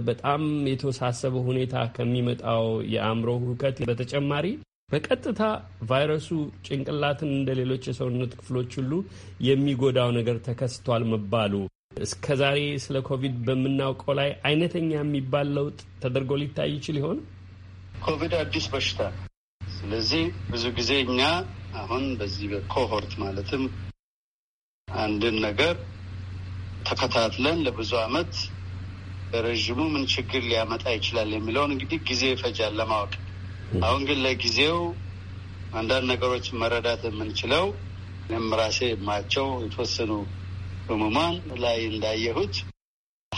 በጣም የተወሳሰበ ሁኔታ ከሚመጣው የአእምሮ ሁከት በተጨማሪ በቀጥታ ቫይረሱ ጭንቅላትን እንደ ሌሎች የሰውነት ክፍሎች ሁሉ የሚጎዳው ነገር ተከስቷል መባሉ እስከ ዛሬ ስለ ኮቪድ በምናውቀው ላይ አይነተኛ የሚባል ለውጥ ተደርጎ ሊታይ ይችል ይሆን? ኮቪድ አዲስ በሽታ ስለዚህ ብዙ ጊዜ እኛ አሁን በዚህ በኮሆርት ማለትም አንድን ነገር ተከታትለን ለብዙ አመት በረዥሙ ምን ችግር ሊያመጣ ይችላል የሚለውን እንግዲህ ጊዜ ይፈጃል ለማወቅ። አሁን ግን ለጊዜው አንዳንድ ነገሮች መረዳት የምንችለው እኔም ራሴ የማያቸው የተወሰኑ ህሙማን ላይ እንዳየሁት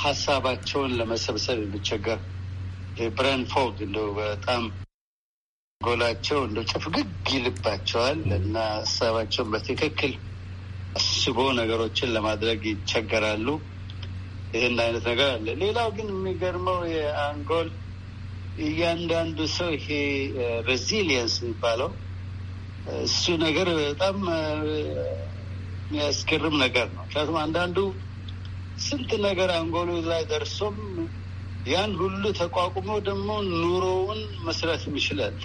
ሀሳባቸውን ለመሰብሰብ የሚቸገር ብረን ፎግ እንደው በጣም ጎላቸው እንደ ጭፍግግ ይልባቸዋል እና ሀሳባቸውን በትክክል አስቦ ነገሮችን ለማድረግ ይቸገራሉ። ይህን አይነት ነገር አለ። ሌላው ግን የሚገርመው የአንጎል እያንዳንዱ ሰው ይሄ ሬዚሊየንስ የሚባለው እሱ ነገር በጣም የሚያስገርም ነገር ነው። ምክንያቱም አንዳንዱ ስንት ነገር አንጎሉ ላይ ደርሶም ያን ሁሉ ተቋቁሞ ደግሞ ኑሮውን መስራት ይችላል።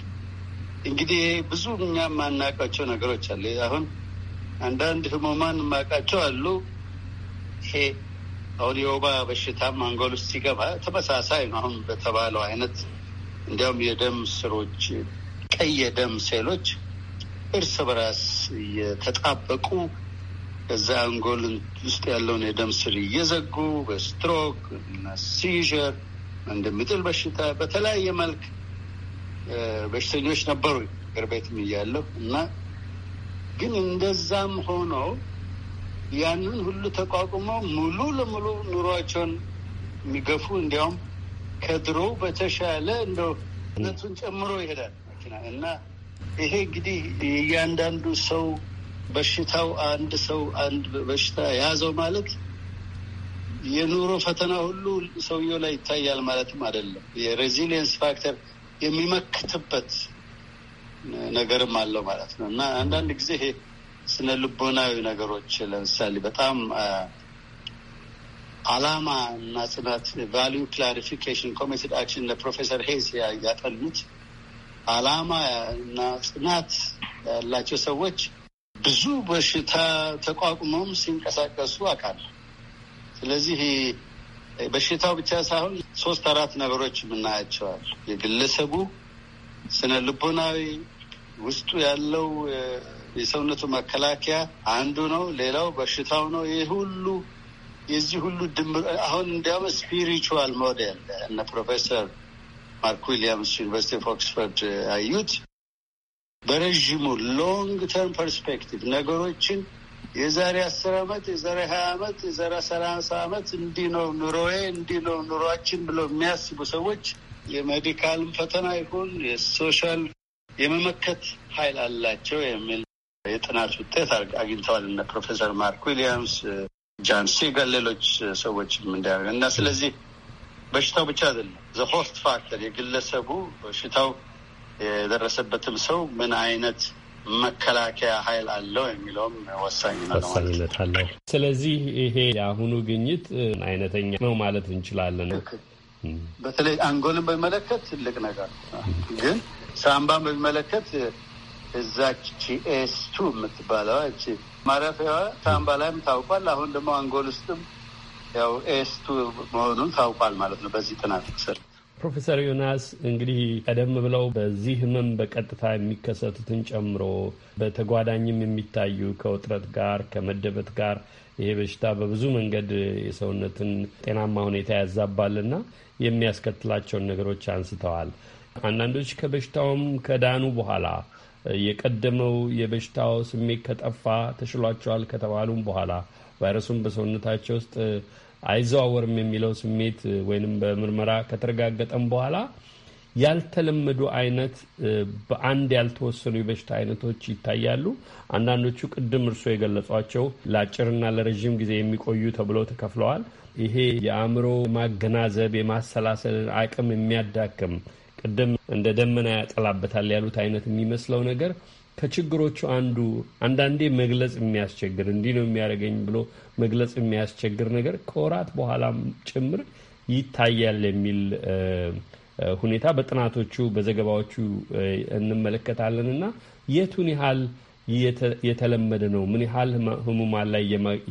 እንግዲህ ብዙ እኛ የማናውቃቸው ነገሮች አለ። አሁን አንዳንድ ህሙማን የማውቃቸው አሉ። ይሄ አሁን የወባ በሽታም አንጎል ውስጥ ሲገባ ተመሳሳይ ነው። አሁን በተባለው አይነት እንዲያውም የደም ስሮች ቀይ የደም ሴሎች እርስ በራስ እየተጣበቁ እዛ አንጎል ውስጥ ያለውን የደም ስር እየዘጉ በስትሮክ እና ሲዥር እንደሚጥል በሽታ በተለያየ መልክ በሽተኞች ነበሩ ምክር ቤትም እያለሁ እና ግን እንደዛም ሆኖ ያንን ሁሉ ተቋቁሞ ሙሉ ለሙሉ ኑሯቸውን የሚገፉ እንዲያውም ከድሮ በተሻለ እንደ ነቱን ጨምሮ ይሄዳል መኪና እና ይሄ እንግዲህ እያንዳንዱ ሰው በሽታው አንድ ሰው አንድ በሽታ የያዘው ማለት የኑሮ ፈተና ሁሉ ሰውየው ላይ ይታያል ማለትም አይደለም። የሬዚሊየንስ ፋክተር የሚመክትበት ነገርም አለው ማለት ነው እና አንዳንድ ጊዜ ይሄ ስነ ልቦናዊ ነገሮች ለምሳሌ በጣም አላማ እና ጽናት ቫሊዩ ክላሪፊኬሽን ኮሚትድ አክሽን ለፕሮፌሰር ሄዝ ያጠኑት አላማ እና ጽናት ያላቸው ሰዎች ብዙ በሽታ ተቋቁመውም ሲንቀሳቀሱ አውቃለሁ። ስለዚህ በሽታው ብቻ ሳይሆን ሶስት አራት ነገሮች የምናያቸዋል። የግለሰቡ ስነ ልቦናዊ ውስጡ ያለው የሰውነቱ መከላከያ አንዱ ነው። ሌላው በሽታው ነው። ይህ ሁሉ የዚህ ሁሉ ድምር አሁን እንዲያውም ስፒሪቹዋል ሞዴል እነ ፕሮፌሰር ማርክ ዊሊያምስ ዩኒቨርሲቲ ኦፍ ኦክስፎርድ አዩት። በረዥሙ ሎንግ ተርም ፐርስፔክቲቭ ነገሮችን የዛሬ አስር አመት የዛሬ ሀያ አመት የዛሬ ሰላሳ አመት እንዲህ ነው ኑሮዬ እንዲህ ነው ኑሯችን ብለው የሚያስቡ ሰዎች የሜዲካልም ፈተና ይሁን የሶሻል የመመከት ኃይል አላቸው የሚል የጥናት ውጤት አግኝተዋል እነ ፕሮፌሰር ማርክ ዊሊያምስ፣ ጃን ሲገል፣ ሌሎች ሰዎች እንዲያደርግ እና ስለዚህ በሽታው ብቻ አይደለም ዘ ሆስት ፋክተር የግለሰቡ በሽታው የደረሰበትም ሰው ምን አይነት መከላከያ ኃይል አለው የሚለውም ወሳኝነት አለው። ስለዚህ ይሄ የአሁኑ ግኝት አይነተኛ ነው ማለት እንችላለን። በተለይ አንጎልን በሚመለከት ትልቅ ነገር ግን ሳምባን በሚመለከት እዛች ኤስቱ የምትባለዋ ማረፊያዋ ሳምባ ላይም ታውቋል። አሁን ደግሞ አንጎል ውስጥም ያው ኤስቱ መሆኑን ታውቋል ማለት ነው በዚህ ጥናት ስር ፕሮፌሰር ዮናስ እንግዲህ ቀደም ብለው በዚህ ህመም በቀጥታ የሚከሰቱትን ጨምሮ በተጓዳኝም የሚታዩ ከውጥረት ጋር ከመደበት ጋር ይሄ በሽታ በብዙ መንገድ የሰውነትን ጤናማ ሁኔታ ያዛባልና የሚያስከትላቸውን ነገሮች አንስተዋል። አንዳንዶች ከበሽታውም ከዳኑ በኋላ የቀደመው የበሽታው ስሜት ከጠፋ ተሽሏቸዋል ከተባሉም በኋላ ቫይረሱን በሰውነታቸው ውስጥ አይዘዋወርም የሚለው ስሜት ወይንም በምርመራ ከተረጋገጠም በኋላ ያልተለመዱ አይነት በአንድ ያልተወሰኑ የበሽታ አይነቶች ይታያሉ። አንዳንዶቹ ቅድም እርስዎ የገለጿቸው ለአጭርና ለረዥም ጊዜ የሚቆዩ ተብለው ተከፍለዋል። ይሄ የአእምሮ ማገናዘብ የማሰላሰልን አቅም የሚያዳክም ቅድም እንደ ደመና ያጠላበታል ያሉት አይነት የሚመስለው ነገር ከችግሮቹ አንዱ አንዳንዴ መግለጽ የሚያስቸግር እንዲህ ነው የሚያደርገኝ ብሎ መግለጽ የሚያስቸግር ነገር ከወራት በኋላም ጭምር ይታያል የሚል ሁኔታ በጥናቶቹ በዘገባዎቹ እንመለከታለን እና የቱን ያህል የተለመደ ነው? ምን ያህል ህሙማን ላይ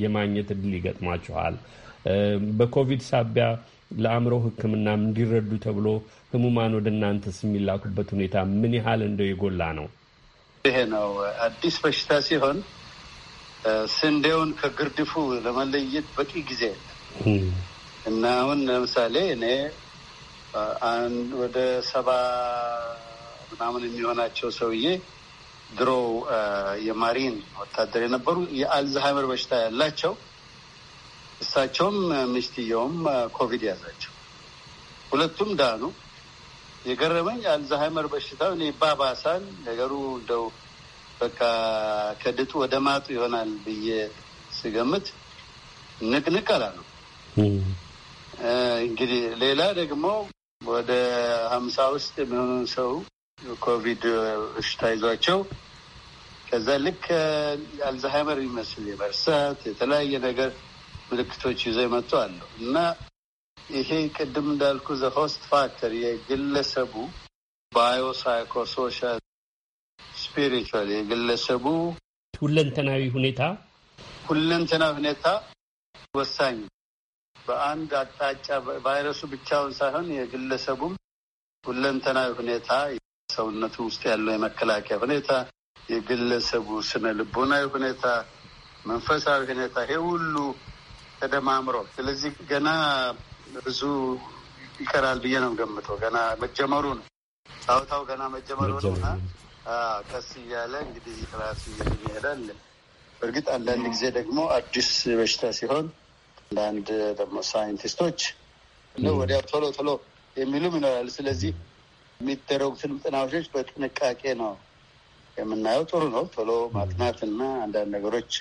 የማግኘት እድል ይገጥማችኋል? በኮቪድ ሳቢያ ለአእምሮ ሕክምናም እንዲረዱ ተብሎ ህሙማን ወደ እናንተስ የሚላኩበት ሁኔታ ምን ያህል እንደው የጎላ ነው? ይሄ ነው አዲስ በሽታ ሲሆን ስንዴውን ከግርድፉ ለመለየት በቂ ጊዜ የለም እና አሁን ለምሳሌ እኔ ወደ ሰባ ምናምን የሚሆናቸው ሰውዬ ድሮ የማሪን ወታደር የነበሩ የአልዛሃይመር በሽታ ያላቸው እሳቸውም ምሽትየውም ኮቪድ ያዛቸው፣ ሁለቱም ዳኑ። የገረመኝ አልዛሃይመር በሽታው እኔ ይባባሳል ነገሩ እንደው በቃ ከድጡ ወደ ማጡ ይሆናል ብዬ ስገምት ንቅንቅ አላ ነው። እንግዲህ ሌላ ደግሞ ወደ ሀምሳ ውስጥ የሚሆኑ ሰው ኮቪድ በሽታ ይዟቸው ከዛ ልክ አልዛሃይመር ይመስል የመርሳት የተለያየ ነገር ምልክቶች ይዘው ይመጡ አለው እና ይሄ ቅድም እንዳልኩ ዘ ሆስት ፋክተር የግለሰቡ ባዮሳይኮሶሻል ስፒሪቹዋል የግለሰቡ ሁለንተናዊ ሁኔታ ሁለንተናዊ ሁኔታ ወሳኝ በአንድ አቅጣጫ ቫይረሱ ብቻውን ሳይሆን የግለሰቡም ሁለንተናዊ ሁኔታ ሰውነቱ ውስጥ ያለው የመከላከያ ሁኔታ፣ የግለሰቡ ስነ ልቦናዊ ሁኔታ፣ መንፈሳዊ ሁኔታ ይሄ ሁሉ ተደማምሮ ስለዚህ ገና ብዙ ይቀራል ብዬ ነው ገምተው። ገና መጀመሩ ነው ጣውታው ገና መጀመሩ ነው እና ቀስ እያለ እንግዲህ ራሱ ይሄዳል። እርግጥ አንዳንድ ጊዜ ደግሞ አዲስ በሽታ ሲሆን አንዳንድ ደግሞ ሳይንቲስቶች ወዲያ ቶሎ ቶሎ የሚሉም ይኖራል። ስለዚህ የሚደረጉትን ጥናቶች በጥንቃቄ ነው የምናየው። ጥሩ ነው ቶሎ ማጥናት እና አንዳንድ ነገሮች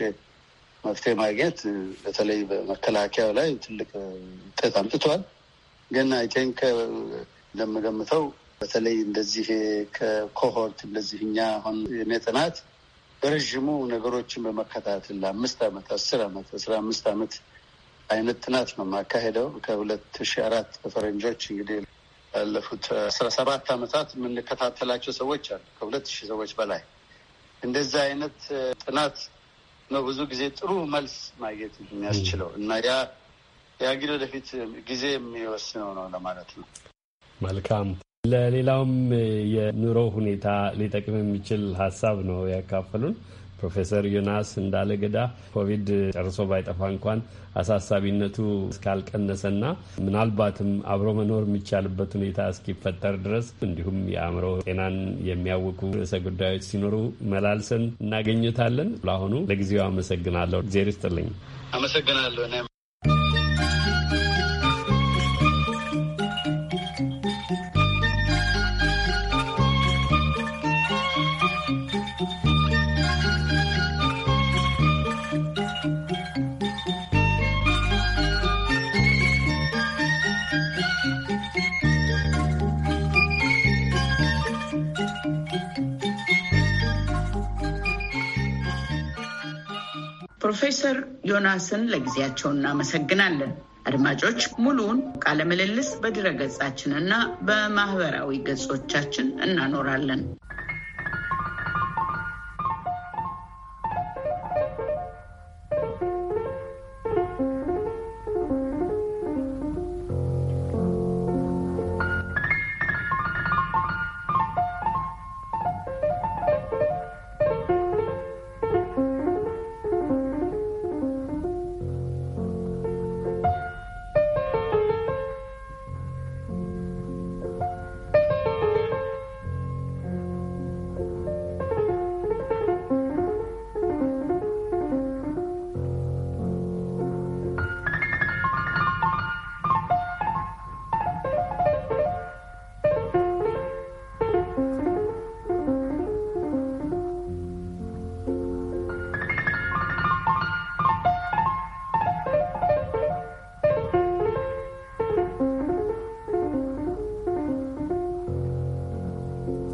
መፍትሄ ማግኘት በተለይ በመከላከያው ላይ ትልቅ ውጤት አምጥቷል። ግን አይ ቲንክ እንደምገምተው በተለይ እንደዚህ ከኮሆርት እንደዚህ እኛ አሁን የኔ ጥናት በረዥሙ ነገሮችን በመከታተል ለአምስት ዓመት አስር ዓመት አስራ አምስት ዓመት አይነት ጥናት ነው የማካሄደው ከሁለት ሺ አራት በፈረንጆች እንግዲህ ያለፉት አስራ ሰባት ዓመታት የምንከታተላቸው ሰዎች አሉ ከሁለት ሺህ ሰዎች በላይ እንደዚህ አይነት ጥናት ነው ብዙ ጊዜ ጥሩ መልስ ማግኘት የሚያስችለው እና ያ ያ ወደፊት ጊዜ የሚወስነው ነው ለማለት ነው። መልካም ለሌላውም የኑሮ ሁኔታ ሊጠቅም የሚችል ሀሳብ ነው ያካፈሉን። ፕሮፌሰር ዮናስ እንዳለ ገዳ ኮቪድ ጨርሶ ባይጠፋ እንኳን አሳሳቢነቱ እስካልቀነሰና ምናልባትም አብሮ መኖር የሚቻልበት ሁኔታ እስኪፈጠር ድረስ እንዲሁም የአእምሮ ጤናን የሚያውቁ ርዕሰ ጉዳዮች ሲኖሩ መላልሰን እናገኘታለን። ለአሁኑ ለጊዜው አመሰግናለሁ። እግዜር ይስጥልኝ። አመሰግናለሁ። ፕሮፌሰር ዮናስን ለጊዜያቸው እናመሰግናለን። አድማጮች ሙሉውን ቃለ ምልልስ በድረ ገጻችን እና በማህበራዊ ገጾቻችን እናኖራለን።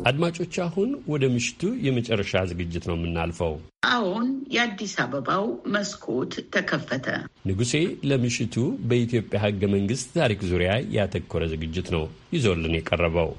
አድማጮች አሁን ወደ ምሽቱ የመጨረሻ ዝግጅት ነው የምናልፈው። አሁን የአዲስ አበባው መስኮት ተከፈተ። ንጉሴ ለምሽቱ በኢትዮጵያ ሕገ መንግስት ታሪክ ዙሪያ ያተኮረ ዝግጅት ነው ይዞልን የቀረበው።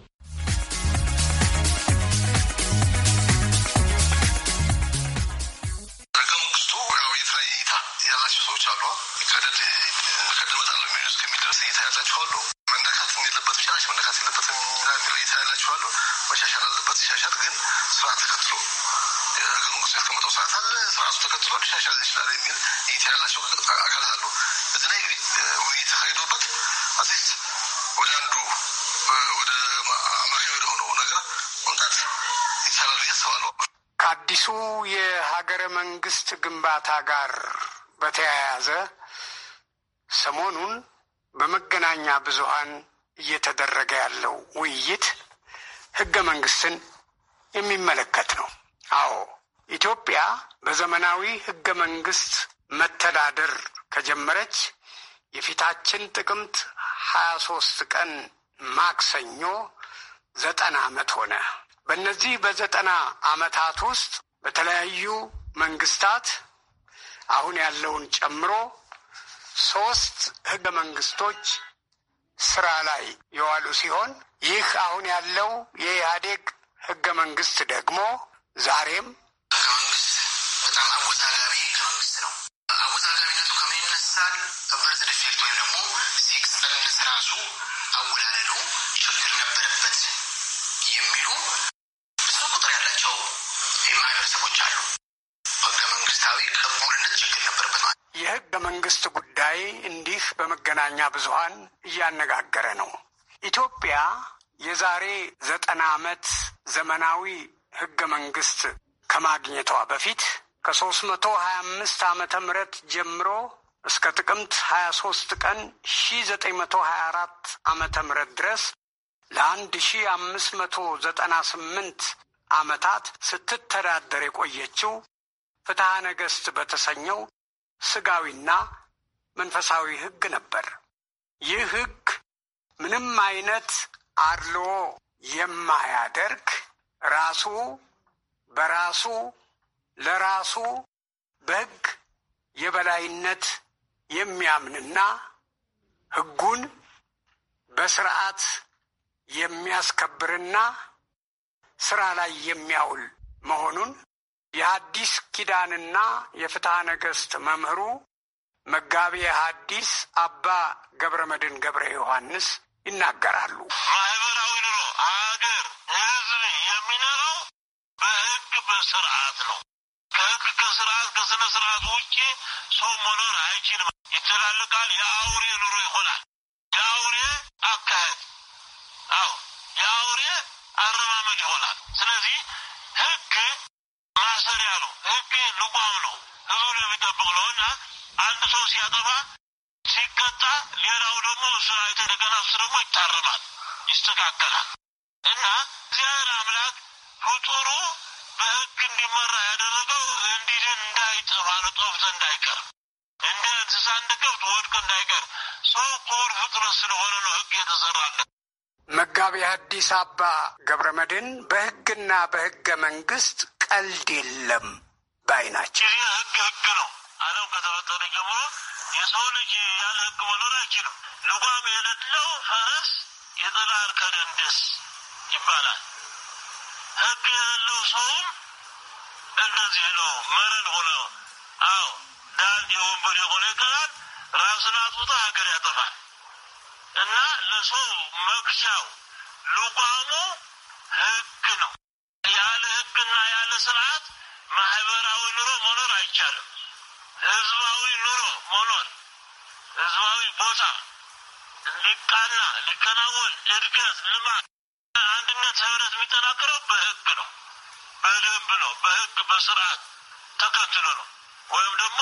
ግንባታ ጋር በተያያዘ ሰሞኑን በመገናኛ ብዙሃን እየተደረገ ያለው ውይይት ህገ መንግስትን የሚመለከት ነው። አዎ ኢትዮጵያ በዘመናዊ ህገ መንግስት መተዳደር ከጀመረች የፊታችን ጥቅምት ሀያ ሶስት ቀን ማክሰኞ ዘጠና ዓመት ሆነ። በእነዚህ በዘጠና ዓመታት ውስጥ በተለያዩ መንግስታት አሁን ያለውን ጨምሮ ሶስት ህገ መንግስቶች ስራ ላይ የዋሉ ሲሆን ይህ አሁን ያለው የኢህአዴግ ህገ መንግስት ደግሞ ዛሬም ህገ መንግስት በጣም አወዛጋቢ ጉዳይ እንዲህ በመገናኛ ብዙሃን እያነጋገረ ነው። ኢትዮጵያ የዛሬ ዘጠና ዓመት ዘመናዊ ህገ መንግስት ከማግኘቷ በፊት ከሶስት መቶ ሀያ አምስት ዓመተ ምህረት ጀምሮ እስከ ጥቅምት ሀያ ሶስት ቀን ሺ ዘጠኝ መቶ ሀያ አራት ዓመተ ምህረት ድረስ ለአንድ ሺ አምስት መቶ ዘጠና ስምንት ዓመታት ስትተዳደር የቆየችው ፍትሐ ነገሥት በተሰኘው ስጋዊና መንፈሳዊ ሕግ ነበር። ይህ ሕግ ምንም አይነት አድሎ የማያደርግ ራሱ በራሱ ለራሱ በሕግ የበላይነት የሚያምንና ሕጉን በስርዓት የሚያስከብርና ስራ ላይ የሚያውል መሆኑን የአዲስ ኪዳንና የፍትሐ ነገሥት መምህሩ መጋቢ ሐዲስ አባ ገብረ መድን ገብረ ዮሐንስ ይናገራሉ። ማህበራዊ ኑሮ አገር፣ ህዝብ የሚኖረው በህግ በስርዓት ነው። ከህግ ከስርዓት ከስነ ስርዓት ውጭ ሰው መኖር አይችልም። ይተላልቃል። የአውሬ ኑሮ ይሆናል። የአውሬ አካሄድ አዎ፣ የአውሬ አረማመድ ይሆናል። ስለዚህ ህግ ማሰሪያ ነው። ህግ ልጓም ነው። ህዝቡን የሚጠብቅ ነው እና አንድ ሰው ሲያጠፋ ሲቀጣ፣ ሌላው ደግሞ እሱ ስራ የተደገና እሱ ደግሞ ይታረማል፣ ይስተካከላል እና እግዚአብሔር አምላክ ፍጡሩ በህግ እንዲመራ ያደረገው እንዲድን እንዳይጠፋ ነው፣ ጦፍቶ እንዳይቀር እንደ እንስሳ እንደ ከብት ወድቆ እንዳይቀር። ሰው ክቡር ፍጥረት ስለሆነ ነው ህግ የተሰራለ። መጋቢ ሐዲስ አባ ገብረ መድን በህግና በህገ መንግስት ቀልድ የለም ባይ ናቸው። ህግ ህግ ነው። ከተፈጠረ ጀምሮ የሰው ልጅ ያለ ህግ መኖር አይችልም። ልጓም የሌለው ፈረስ የጠላ አርከደንደስ ይባላል። ህግ የሌለው ሰውም እንደዚህ ነው። መረን ሆነ አዎ ዳንድ የወንበር የሆነ ይቀራል። ራስን አጥብቶ ሀገር ያጠፋል። እና ለሰው መግሻው ልጓሙ ህግ ነው። ያለ ህግና ያለ ስርዓት ቦታ ሊቃና ሊከናወን እድገት፣ ልማት፣ አንድነት፣ ህብረት የሚጠናክረው በህግ ነው፣ በደንብ ነው፣ በህግ በስርዓት ተከትሎ ነው ወይም ደግሞ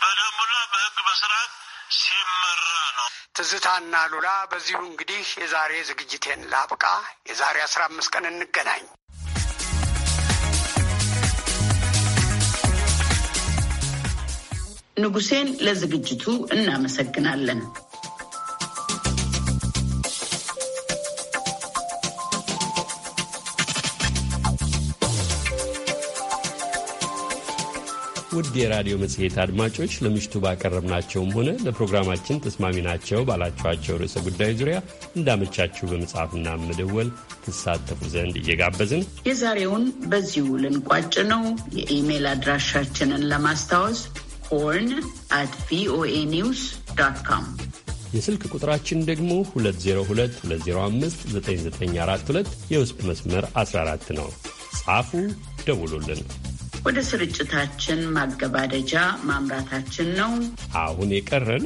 በደንቡና በህግ በስርዓት ሲመራ ነው። ትዝታና ሉላ፣ በዚሁ እንግዲህ የዛሬ ዝግጅቴን ላብቃ። የዛሬ አስራ አምስት ቀን እንገናኝ። ንጉሴን ለዝግጅቱ እናመሰግናለን። ውድ የራዲዮ መጽሔት አድማጮች ለምሽቱ ባቀረብናቸውም ሆነ ለፕሮግራማችን ተስማሚ ናቸው ባላችኋቸው ርዕሰ ጉዳዮች ዙሪያ እንዳመቻችሁ በመጻፍና መደወል ትሳተፉ ዘንድ እየጋበዝን የዛሬውን በዚሁ ልንቋጭ ነው። የኢሜል አድራሻችንን ለማስታወስ ሆርን አት ቪኦኤ ኒውስ ዳት ካም፣ የስልክ ቁጥራችን ደግሞ 2022059942 የውስጥ መስመር 14 ነው። ጻፉ፣ ደውሉልን። ወደ ስርጭታችን ማገባደጃ ማምራታችን ነው። አሁን የቀረን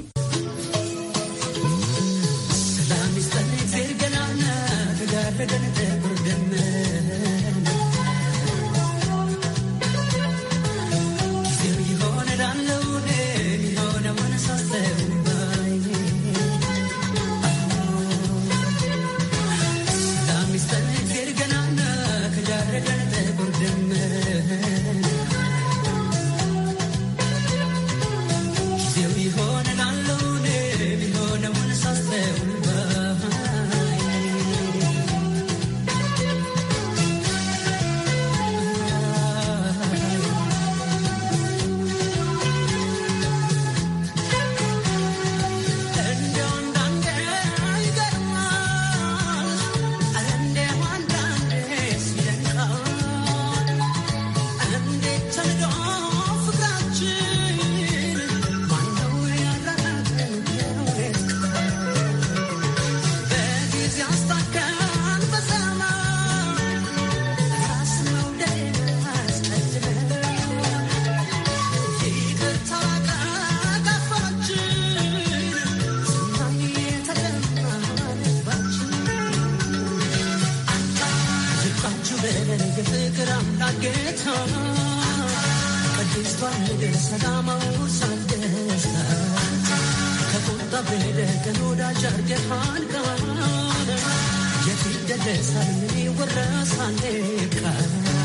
Get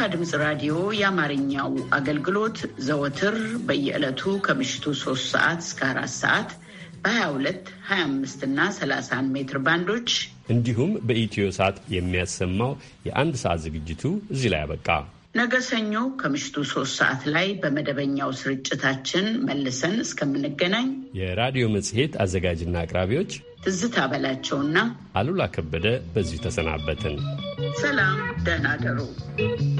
የአሜሪካ ድምፅ ራዲዮ የአማርኛው አገልግሎት ዘወትር በየዕለቱ ከምሽቱ 3 ሰዓት እስከ 4 ሰዓት በ22፣ 25 እና 30 ሜትር ባንዶች እንዲሁም በኢትዮ ሰዓት የሚያሰማው የአንድ ሰዓት ዝግጅቱ እዚህ ላይ አበቃ። ነገ ሰኞ ከምሽቱ 3 ሰዓት ላይ በመደበኛው ስርጭታችን መልሰን እስከምንገናኝ የራዲዮ መጽሔት አዘጋጅና አቅራቢዎች ትዝታ በላቸውና አሉላ ከበደ በዚሁ ተሰናበትን። ሰላም፣ ደህና ደሩ።